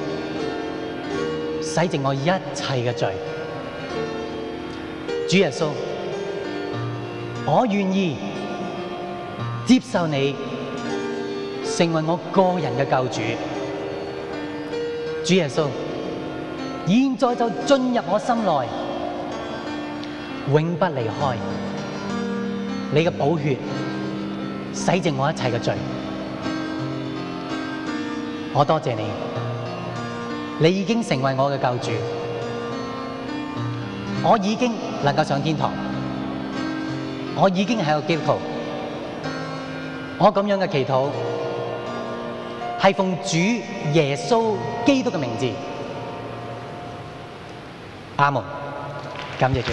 A: 洗淨我一切嘅罪，主耶穌，我願意接受你成為我個人嘅救主。主耶穌，現在就進入我心內，永不離開。你嘅寶血洗淨我一切嘅罪，我多謝你。你已經成為我嘅救主，我已經能夠上天堂，我已經係個基督徒，我咁樣嘅祈禱係奉主耶穌基督嘅名字，阿門！感謝主。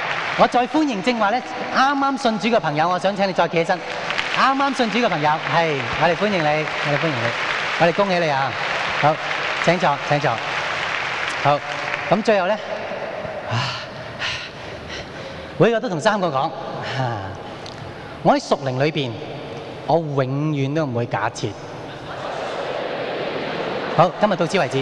A: 我再歡迎正話咧，啱啱信主嘅朋友，我想請你再企起身。啱啱信主嘅朋友，係我哋歡迎你，我哋歡迎你，我哋恭喜你啊！好，請坐，請坐。好，咁最後咧，我呢個都同三個講。我喺屬靈裏邊，我永遠都唔會假設。好，今日到此為止。